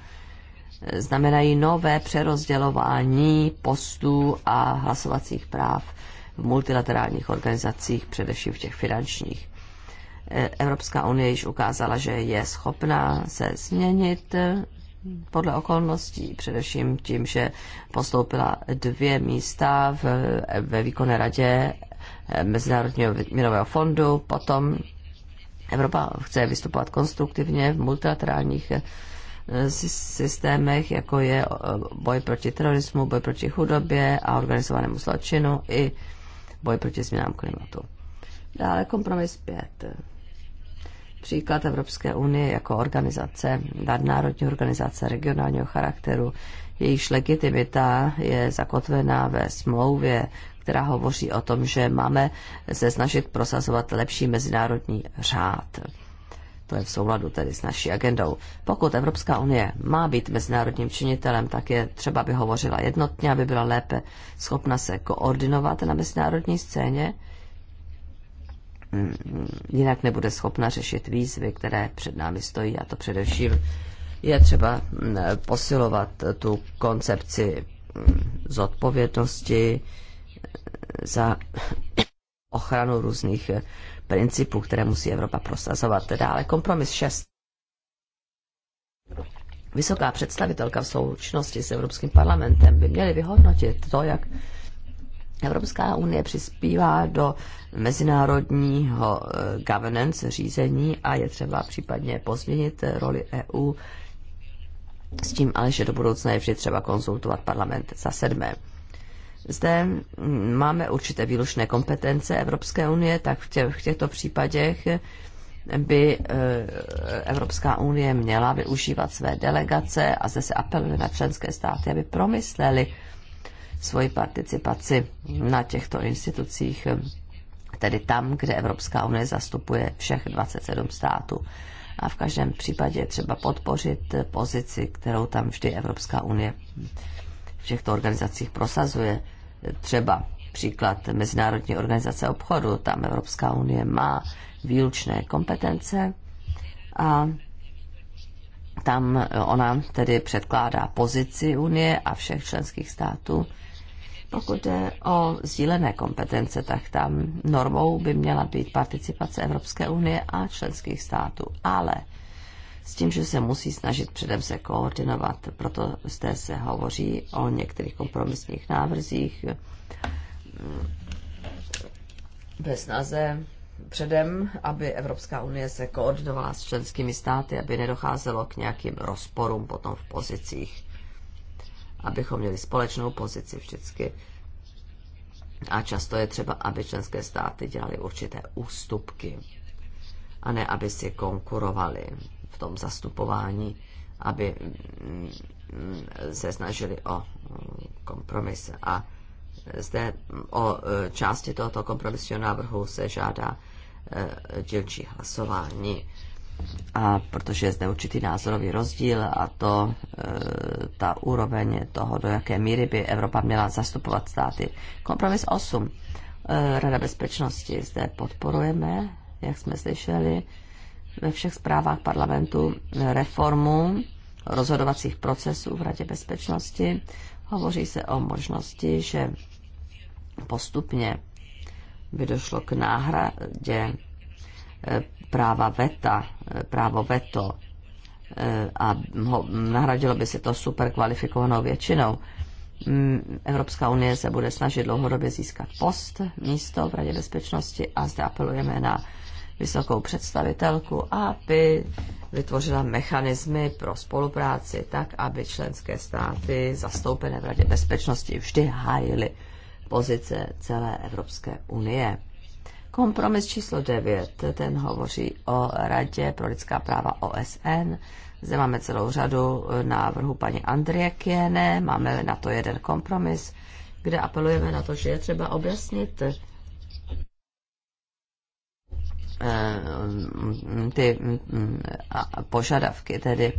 znamenají nové přerozdělování postů a hlasovacích práv v multilaterálních organizacích, především v těch finančních. Evropská unie již ukázala, že je schopná se změnit podle okolností, především tím, že postoupila dvě místa v, ve výkonné radě Mezinárodního měnového fondu, potom Evropa chce vystupovat konstruktivně v multilaterálních Eh, systémech, jako je eh, boj proti terorismu, boj proti chudobě a organizovanému zločinu i boj proti změnám klimatu. Dále kompromis 5. Příklad Evropské unie jako organizace, nadnárodní organizace regionálního charakteru, jejíž legitimita je zakotvená ve smlouvě, která hovoří o tom, že máme se snažit prosazovat lepší mezinárodní řád. To je v souladu tedy s naší agendou. Pokud Evropská unie má být mezinárodním činitelem, tak je třeba, by hovořila jednotně, aby byla lépe schopna se koordinovat na mezinárodní scéně. Mm, jinak nebude schopna řešit výzvy, které před námi stojí, a to především je třeba mm, posilovat tu koncepci mm, zodpovědnosti za <coughs> ochranu různých principů, které musí Evropa prosazovat. Dále kompromis 6. Vysoká představitelka v součinnosti s Evropským parlamentem by měly vyhodnotit to, jak Evropská unie přispívá do mezinárodního eh, governance řízení a je třeba případně pozměnit eh, roli EU s tím ale, že do budoucna je vždy třeba konzultovat parlament za sedmé zde máme určité výlučné kompetence Evropské unie, tak v, tě, v těchto případech by eh, Evropská unie měla využívat své delegace a zde se apeluje na členské státy, aby promysleli svoji participaci na těchto institucích, tedy tam, kde Evropská unie zastupuje všech 27 států. A v každém případě je třeba podpořit pozici, kterou tam vždy Evropská unie v těchto organizacích prosazuje třeba příklad Mezinárodní organizace obchodu, tam Evropská unie má výlučné kompetence a tam ona tedy předkládá pozici Unie a všech členských států. Pokud jde o sdílené kompetence, tak tam normou by měla být participace Evropské unie a členských států. Ale s tím, že se musí snažit předem se koordinovat. Proto zde se hovoří o některých kompromisních návrzích mm, ve snaze předem, aby Evropská unie se koordinovala s členskými státy, aby nedocházelo k nějakým rozporům potom v pozicích, abychom měli společnou pozici vždycky. A často je třeba, aby členské státy dělali určité ústupky a ne, aby si konkurovali tom zastupování, aby mm, se snažili o mm, kompromis. A zde o e, části tohoto kompromisního návrhu se žádá e, dílčí hlasování. A protože je zde určitý názorový rozdíl a to e, ta úroveň toho, do jaké míry by Evropa měla zastupovat státy. Kompromis 8. Rada bezpečnosti zde podporujeme, jak jsme slyšeli, ve všech zprávách parlamentu reformu rozhodovacích procesů v Radě bezpečnosti. Hovoří se o možnosti, že postupně by došlo k náhradě eh, práva veta, eh, právo veto eh, a ho, nahradilo by se to super kvalifikovanou většinou. Mm, Evropská unie se bude snažit dlouhodobě získat post, místo v Radě bezpečnosti a zde apelujeme na vysokou představitelku, aby vytvořila mechanismy pro spolupráci tak, aby členské státy zastoupené v Radě bezpečnosti vždy hájily pozice celé Evropské unie. Kompromis číslo 9, ten hovoří o Radě pro lidská práva OSN. Zde máme celou řadu návrhů paní Andrie Kiene, máme na to jeden kompromis, kde apelujeme na to, že je třeba objasnit Eh, ty mm, požadavky, tedy,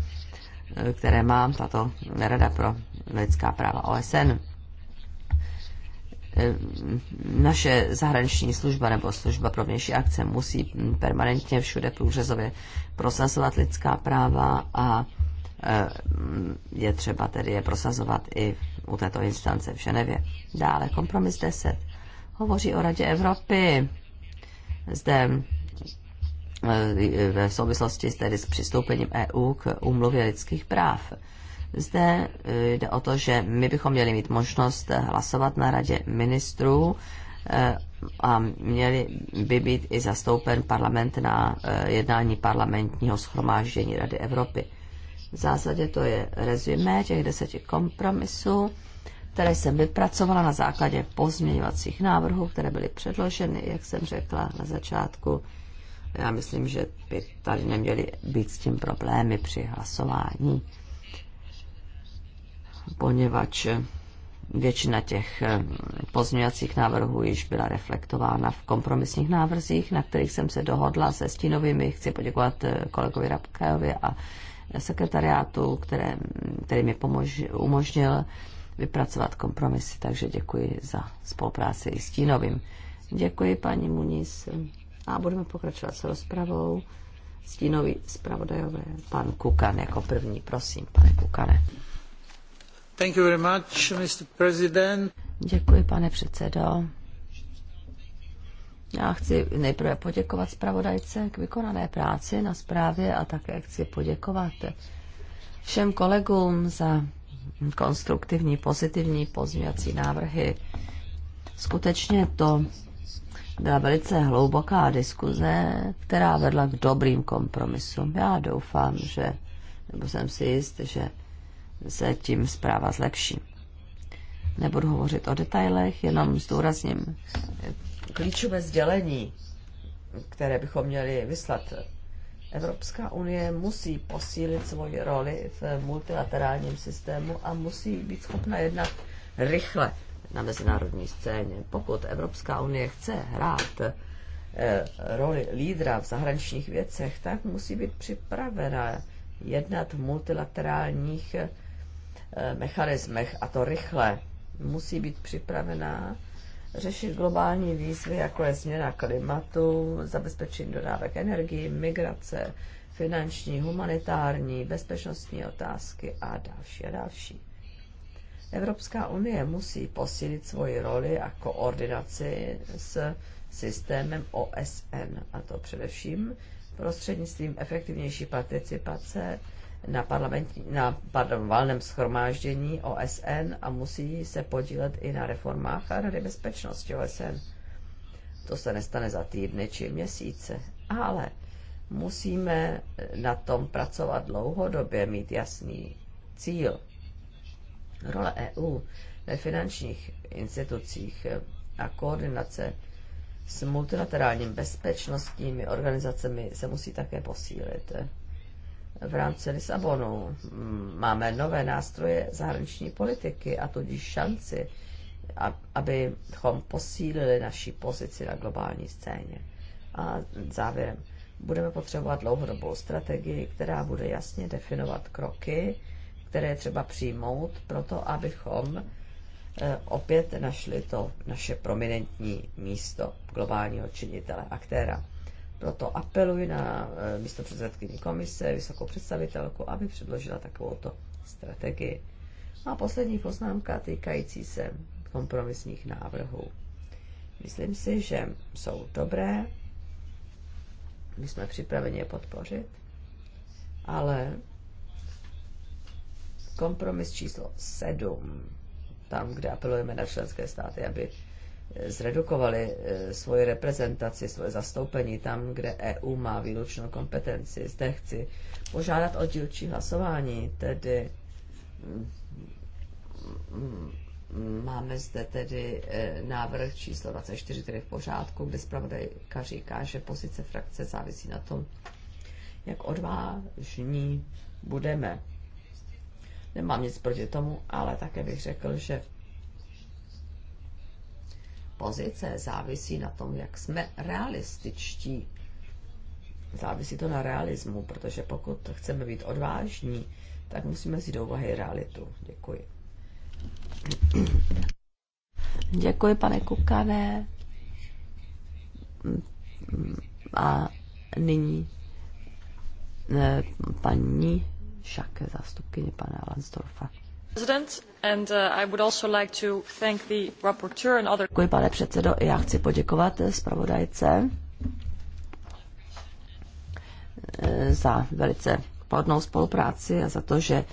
eh, které má tato Rada pro lidská práva OSN. Eh, naše zahraniční služba nebo služba pro vnější akce musí permanentně všude průřezově prosazovat lidská práva a je třeba tedy je prosazovat i u této instance v Ženevě. Dále kompromis 10. Hovoří o Radě Evropy. Zde Eh, v souvislosti tedy s přistoupením EU k úmluvě lidských práv. Zde eh, jde o to, že my bychom měli mít možnost hlasovat na radě ministrů eh, a měli by být i zastoupen parlament na jednání parlamentního schromáždění Rady Evropy. V zásadě to je rezumé těch deseti kompromisů, které jsem vypracovala na základě pozměňovacích návrhů, které byly předloženy, jak jsem řekla na začátku já myslím, že by tady neměly být s tím problémy při hlasování, poněvadž většina těch eh, pozměňovacích návrhů již byla reflektována v kompromisních návrzích, na kterých jsem se dohodla se Stínovými. Chci poděkovat eh, kolegovi Rabkajovi a sekretariátu, které, který mi pomož, umožnil vypracovat kompromisy, takže děkuji za spolupráci i Stínovým. Děkuji paní Muniz a budeme pokračovat s rozpravou. Stínový zpravodajové, pan Kukan jako první, prosím, pane Kukane.
Thank you very much, Mr.
President. Děkuji, pane předsedo. Já chci nejprve poděkovat zpravodajce k vykonané práci na zprávě a také chci poděkovat všem kolegům za konstruktivní, pozitivní pozměňovací návrhy. Skutečně to byla velice hluboká diskuze, která vedla k dobrým kompromisům. Já doufám, že, nebo jsem si jist, že se tím zpráva zlepší. Nebudu hovořit o detailech, jenom zdůrazním klíčové sdělení, které bychom měli vyslat. Evropská unie musí posílit svoji roli v multilaterálním systému a musí být schopna jednat rychle na mezinárodní scéně. Pokud Evropská unie chce hrát eh, roli lídra v zahraničních věcech, tak musí být připravena jednat v multilaterálních eh, mechanismech a to rychle. Musí být připravená řešit globální výzvy, jako je změna klimatu, zabezpečení dodávek energii, migrace, finanční, humanitární, bezpečnostní otázky a další a další. Evropská unie musí posílit svoji roli a koordinaci s systémem OSN, a to především prostřednictvím efektivnější participace na, parlamentní, na pardon, valném schromáždění OSN a musí se podílet i na reformách Rady bezpečnosti OSN. To se nestane za týdny či měsíce, ale musíme na tom pracovat dlouhodobě, mít jasný cíl Role EU ve finančních institucích a koordinace s multilaterálním bezpečnostními organizacemi se musí také posílit. V rámci Lisabonu mm, máme nové nástroje zahraniční politiky a tudíž šanci, abychom posílili naši pozici na globální scéně. A závěrem, budeme potřebovat dlouhodobou strategii, která bude jasně definovat kroky, které je třeba přijmout, proto abychom eh, opět našli to naše prominentní místo globálního činitele, aktéra. Proto apeluji na eh, místo předsedkyni komise, vysokou představitelku, aby předložila takovouto strategii. A poslední poznámka týkající se kompromisních návrhů. Myslím si, že jsou dobré, my jsme připraveni je podpořit, ale Kompromis číslo 7, tam, kde apelujeme na členské státy, aby eh, zredukovali eh, svoji reprezentaci, svoje zastoupení tam, kde EU má výlučnou kompetenci. Zde chci požádat o dílčí hlasování, tedy mm, mm, máme zde tedy eh, návrh číslo 24, který je v pořádku, kde zpravodajka říká, že pozice frakce závisí na tom, jak odvážní budeme Nemám nic proti tomu, ale také bych řekl, že pozice závisí na tom, jak jsme realističtí. Závisí to na realismu, protože pokud chceme být odvážní, tak musíme si do úvahy realitu. Děkuji. Děkuji, pane Kukané. A nyní eh, paní Šake, zástupkyně pana Lansdorfa.
Uh, Děkuji, pane
předsedo, i já chci poděkovat zpravodajce eh, za velice plodnou spolupráci a za to, že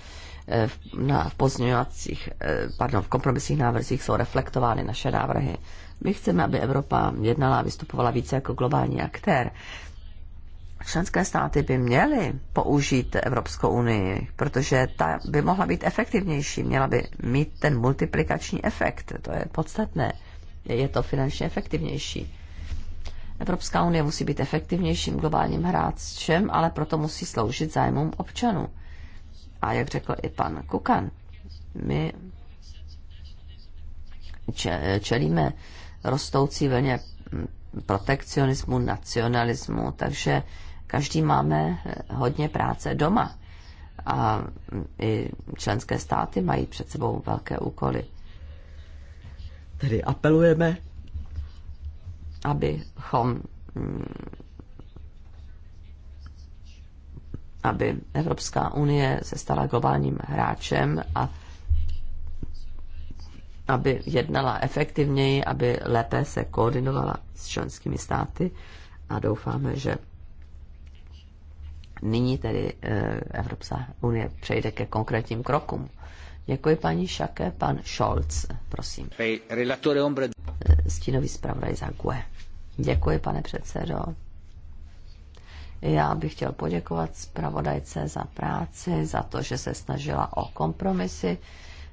eh, v, na, v pozměňovacích, eh, pardon, v kompromisních návrzích jsou reflektovány naše návrhy. My chceme, aby Evropa jednala a vystupovala více jako globální aktér členské státy by měly použít Evropskou unii, protože ta by mohla být efektivnější, měla by mít ten multiplikační efekt, to je podstatné, je to finančně efektivnější. Evropská unie musí být efektivnějším globálním hráčem, ale proto musí sloužit zájmům občanů. A jak řekl i pan Kukan, my čelíme rostoucí vlně protekcionismu, nacionalismu, takže Každý máme eh, hodně práce doma a mm, i členské státy mají před sebou velké úkoly. Tedy apelujeme, abychom mm, aby Evropská unie se stala globálním hráčem a aby jednala efektivněji, aby lépe se koordinovala s členskými státy a doufáme, že nyní tedy eh, Evropská unie přejde ke konkrétním krokům. Děkuji paní Šake, pan Scholz, prosím. Eh, stínový zpravodaj za GUE. Děkuji, pane předsedo. Já bych chtěl poděkovat zpravodajce za práci, za to, že se snažila o kompromisy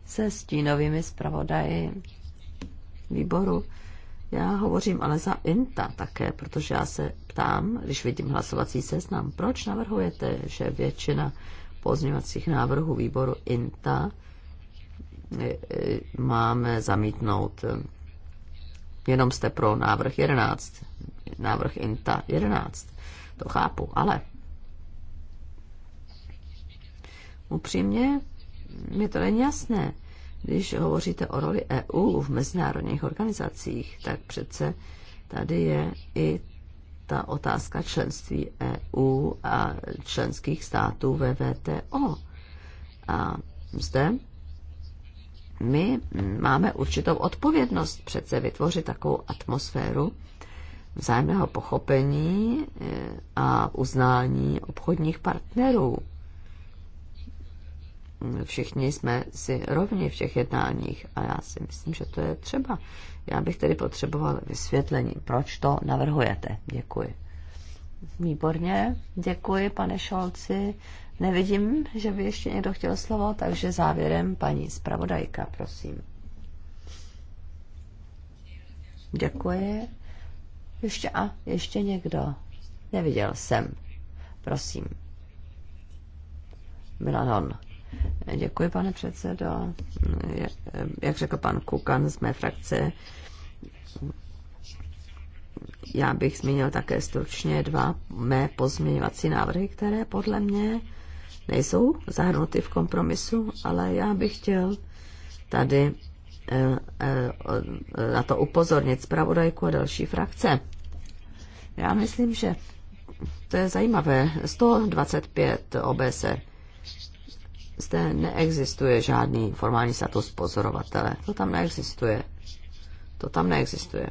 se stínovými zpravodaji výboru já hovořím ale za INTA také, protože já se ptám, když vidím hlasovací seznam, proč navrhujete, že většina pozměňovacích návrhů výboru INTA e, e, máme zamítnout. Jenom jste pro návrh 11, návrh INTA 11. To chápu, ale upřímně mi to není jasné. Když hovoříte o roli EU v mezinárodních organizacích, tak přece tady je i ta otázka členství EU a členských států ve VTO. A zde my máme určitou odpovědnost přece vytvořit takovou atmosféru vzájemného pochopení e, a uznání obchodních partnerů všichni jsme si rovni v těch jednáních a já si myslím, že to je třeba. Já bych tedy potřeboval vysvětlení, proč to navrhujete. Děkuji. Výborně, děkuji, pane Šolci. Nevidím, že by ještě někdo chtěl slovo, takže závěrem paní zpravodajka, prosím. Děkuji. Ještě a ještě někdo. Neviděl jsem. Prosím. Milanon. Děkuji, pane předsedo. Jak řekl pan Kukan z mé frakce, já bych zmínil také stručně dva mé pozměňovací návrhy, které podle mě nejsou zahrnuty v kompromisu, ale já bych chtěl tady eh, eh, na to upozornit zpravodajku a další frakce. Já myslím, že to je zajímavé. 125 OBSR zde neexistuje žádný formální status pozorovatele. To tam neexistuje. To tam neexistuje.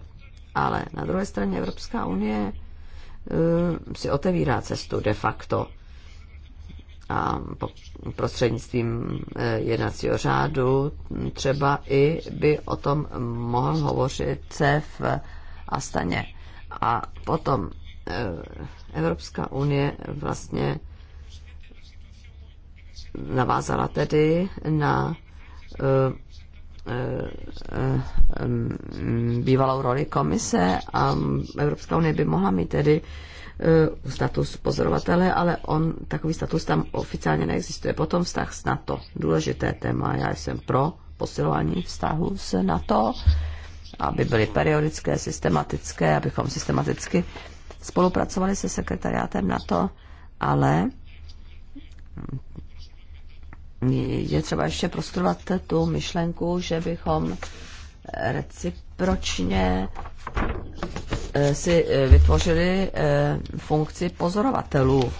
Ale na druhé straně Evropská unie e, si otevírá cestu de facto a prostřednictvím e, jednacího řádu třeba i by o tom mohl hovořit CEF a staně. A potom e, Evropská unie vlastně navázala tedy na eh, eh, eh, mm, bývalou roli komise a Evropská unie by mohla mít tedy status pozorovatele, ale on takový status tam oficiálně neexistuje. Potom vztah s NATO. Důležité téma. Já jsem pro posilování vztahu s NATO, aby byly periodické, systematické, abychom systematicky spolupracovali se sekretariátem NATO, ale je třeba ještě prostudovat tu myšlenku, že bychom recipročně eh, si eh, vytvořili eh, funkci pozorovatelů.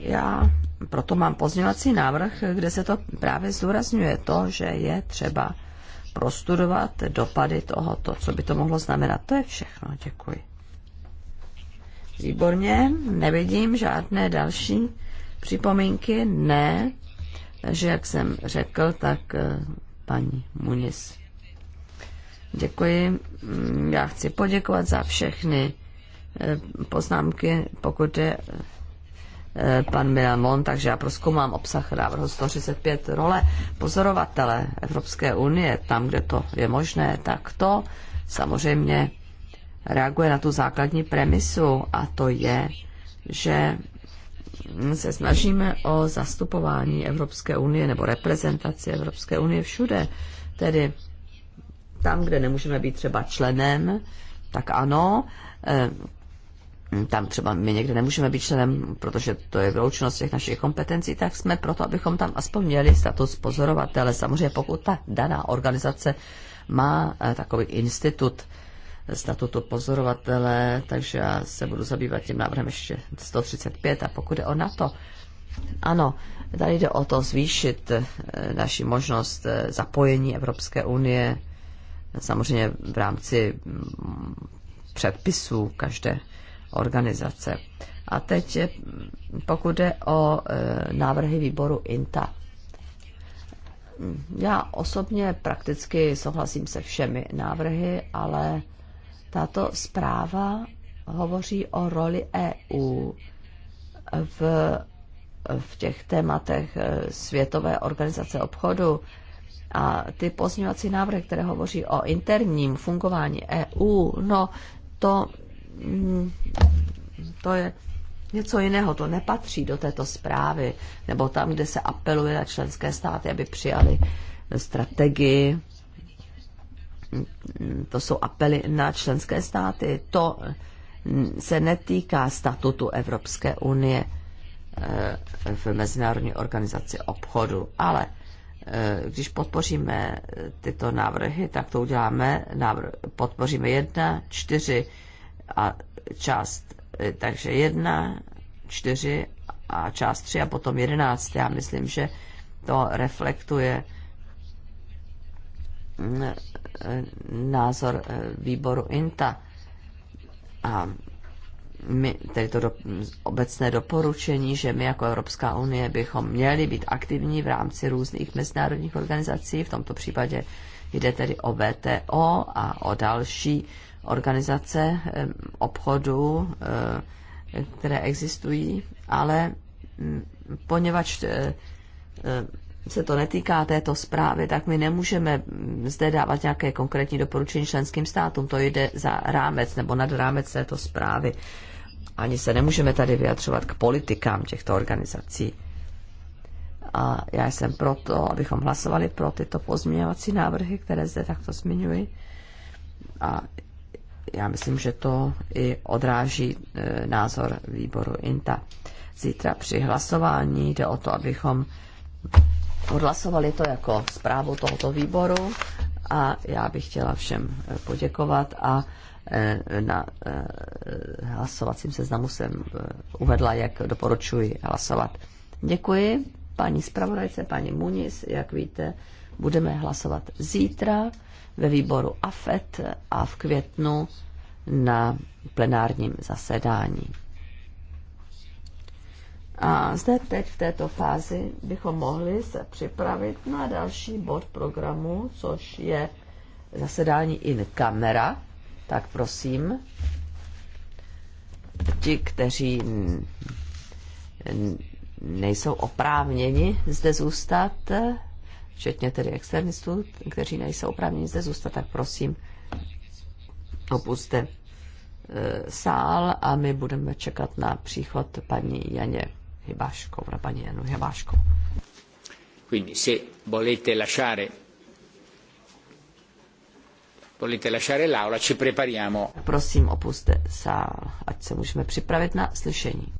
Já proto mám pozměňovací návrh, kde se to právě zdůrazňuje to, že je třeba prostudovat dopady tohoto, co by to mohlo znamenat. To je všechno. Děkuji. Výborně, nevidím žádné další připomínky. Ne, takže jak jsem řekl, tak eh, paní Munis. Děkuji. Mm, já chci poděkovat za všechny eh, poznámky, pokud je eh, pan Milamon, takže já proskoumám obsah návrhu 135 role pozorovatele Evropské unie, tam, kde to je možné, tak to samozřejmě reaguje na tu základní premisu a to je, že se snažíme o zastupování Evropské unie nebo reprezentaci Evropské unie všude. Tedy tam, kde nemůžeme být třeba členem, tak ano, e, tam třeba my někde nemůžeme být členem, protože to je vyloučenost těch našich kompetencí, tak jsme proto, abychom tam aspoň měli status pozorovatele. Samozřejmě pokud ta daná organizace má e, takový institut, statutu pozorovatele, takže já se budu zabývat tím návrhem ještě 135 a pokud je o NATO, ano, tady jde o to zvýšit eh, naši možnost eh, zapojení Evropské unie, samozřejmě v rámci mm, předpisů každé organizace. A teď, eh, pokud jde o návrhy výboru INTA, já osobně prakticky souhlasím se všemi návrhy, ale tato zpráva hovoří o roli EU v, v těch tématech eh, Světové organizace obchodu a ty pozměňovací návrhy, které hovoří o interním fungování EU, no to, mm, to je něco jiného, to nepatří do této zprávy, nebo tam, kde se apeluje na členské státy, aby přijali strategii to jsou apely na členské státy. To mm, se netýká statutu Evropské unie eh, v Mezinárodní organizaci obchodu, ale eh, když podpoříme eh, tyto návrhy, tak to uděláme, návrh, podpoříme jedna, čtyři a část, takže jedna, čtyři a část tři a potom jedenáct. Já myslím, že to reflektuje názor eh, výboru INTA. A my, tedy to do, obecné doporučení, že my jako Evropská unie bychom měli být aktivní v rámci různých mezinárodních organizací, v tomto případě jde tedy o VTO a o další organizace eh, obchodu, eh, které existují, ale mm, poněvadž se to netýká této zprávy, tak my nemůžeme zde dávat nějaké konkrétní doporučení členským státům. To jde za rámec nebo nad rámec této zprávy. Ani se nemůžeme tady vyjadřovat k politikám těchto organizací. A já jsem proto, abychom hlasovali pro tyto pozměňovací návrhy, které zde takto zmiňuji. A já myslím, že to i odráží e, názor výboru INTA. Zítra při hlasování jde o to, abychom odhlasovali to jako zprávu tohoto výboru a já bych chtěla všem eh, poděkovat a eh, na eh, hlasovacím seznamu jsem uvedla, jak doporučuji hlasovat. Děkuji paní zpravodajce, paní Muniz, jak víte, budeme hlasovat zítra ve výboru AFET a v květnu na plenárním zasedání. A zde teď v této fázi bychom mohli se připravit na další bod programu, což je zasedání in camera. Tak prosím, ti, kteří nejsou oprávněni zde zůstat, včetně tedy externistů, kteří nejsou oprávněni zde zůstat, tak prosím, opuste e, sál a my budeme čekat na příchod paní Janě Hibáško, pro paní
Quindi se volete lasciare volete lasciare l'aula, ci prepariamo.
Prosim, opuste sa, ať se můžeme připravit
na slyšení.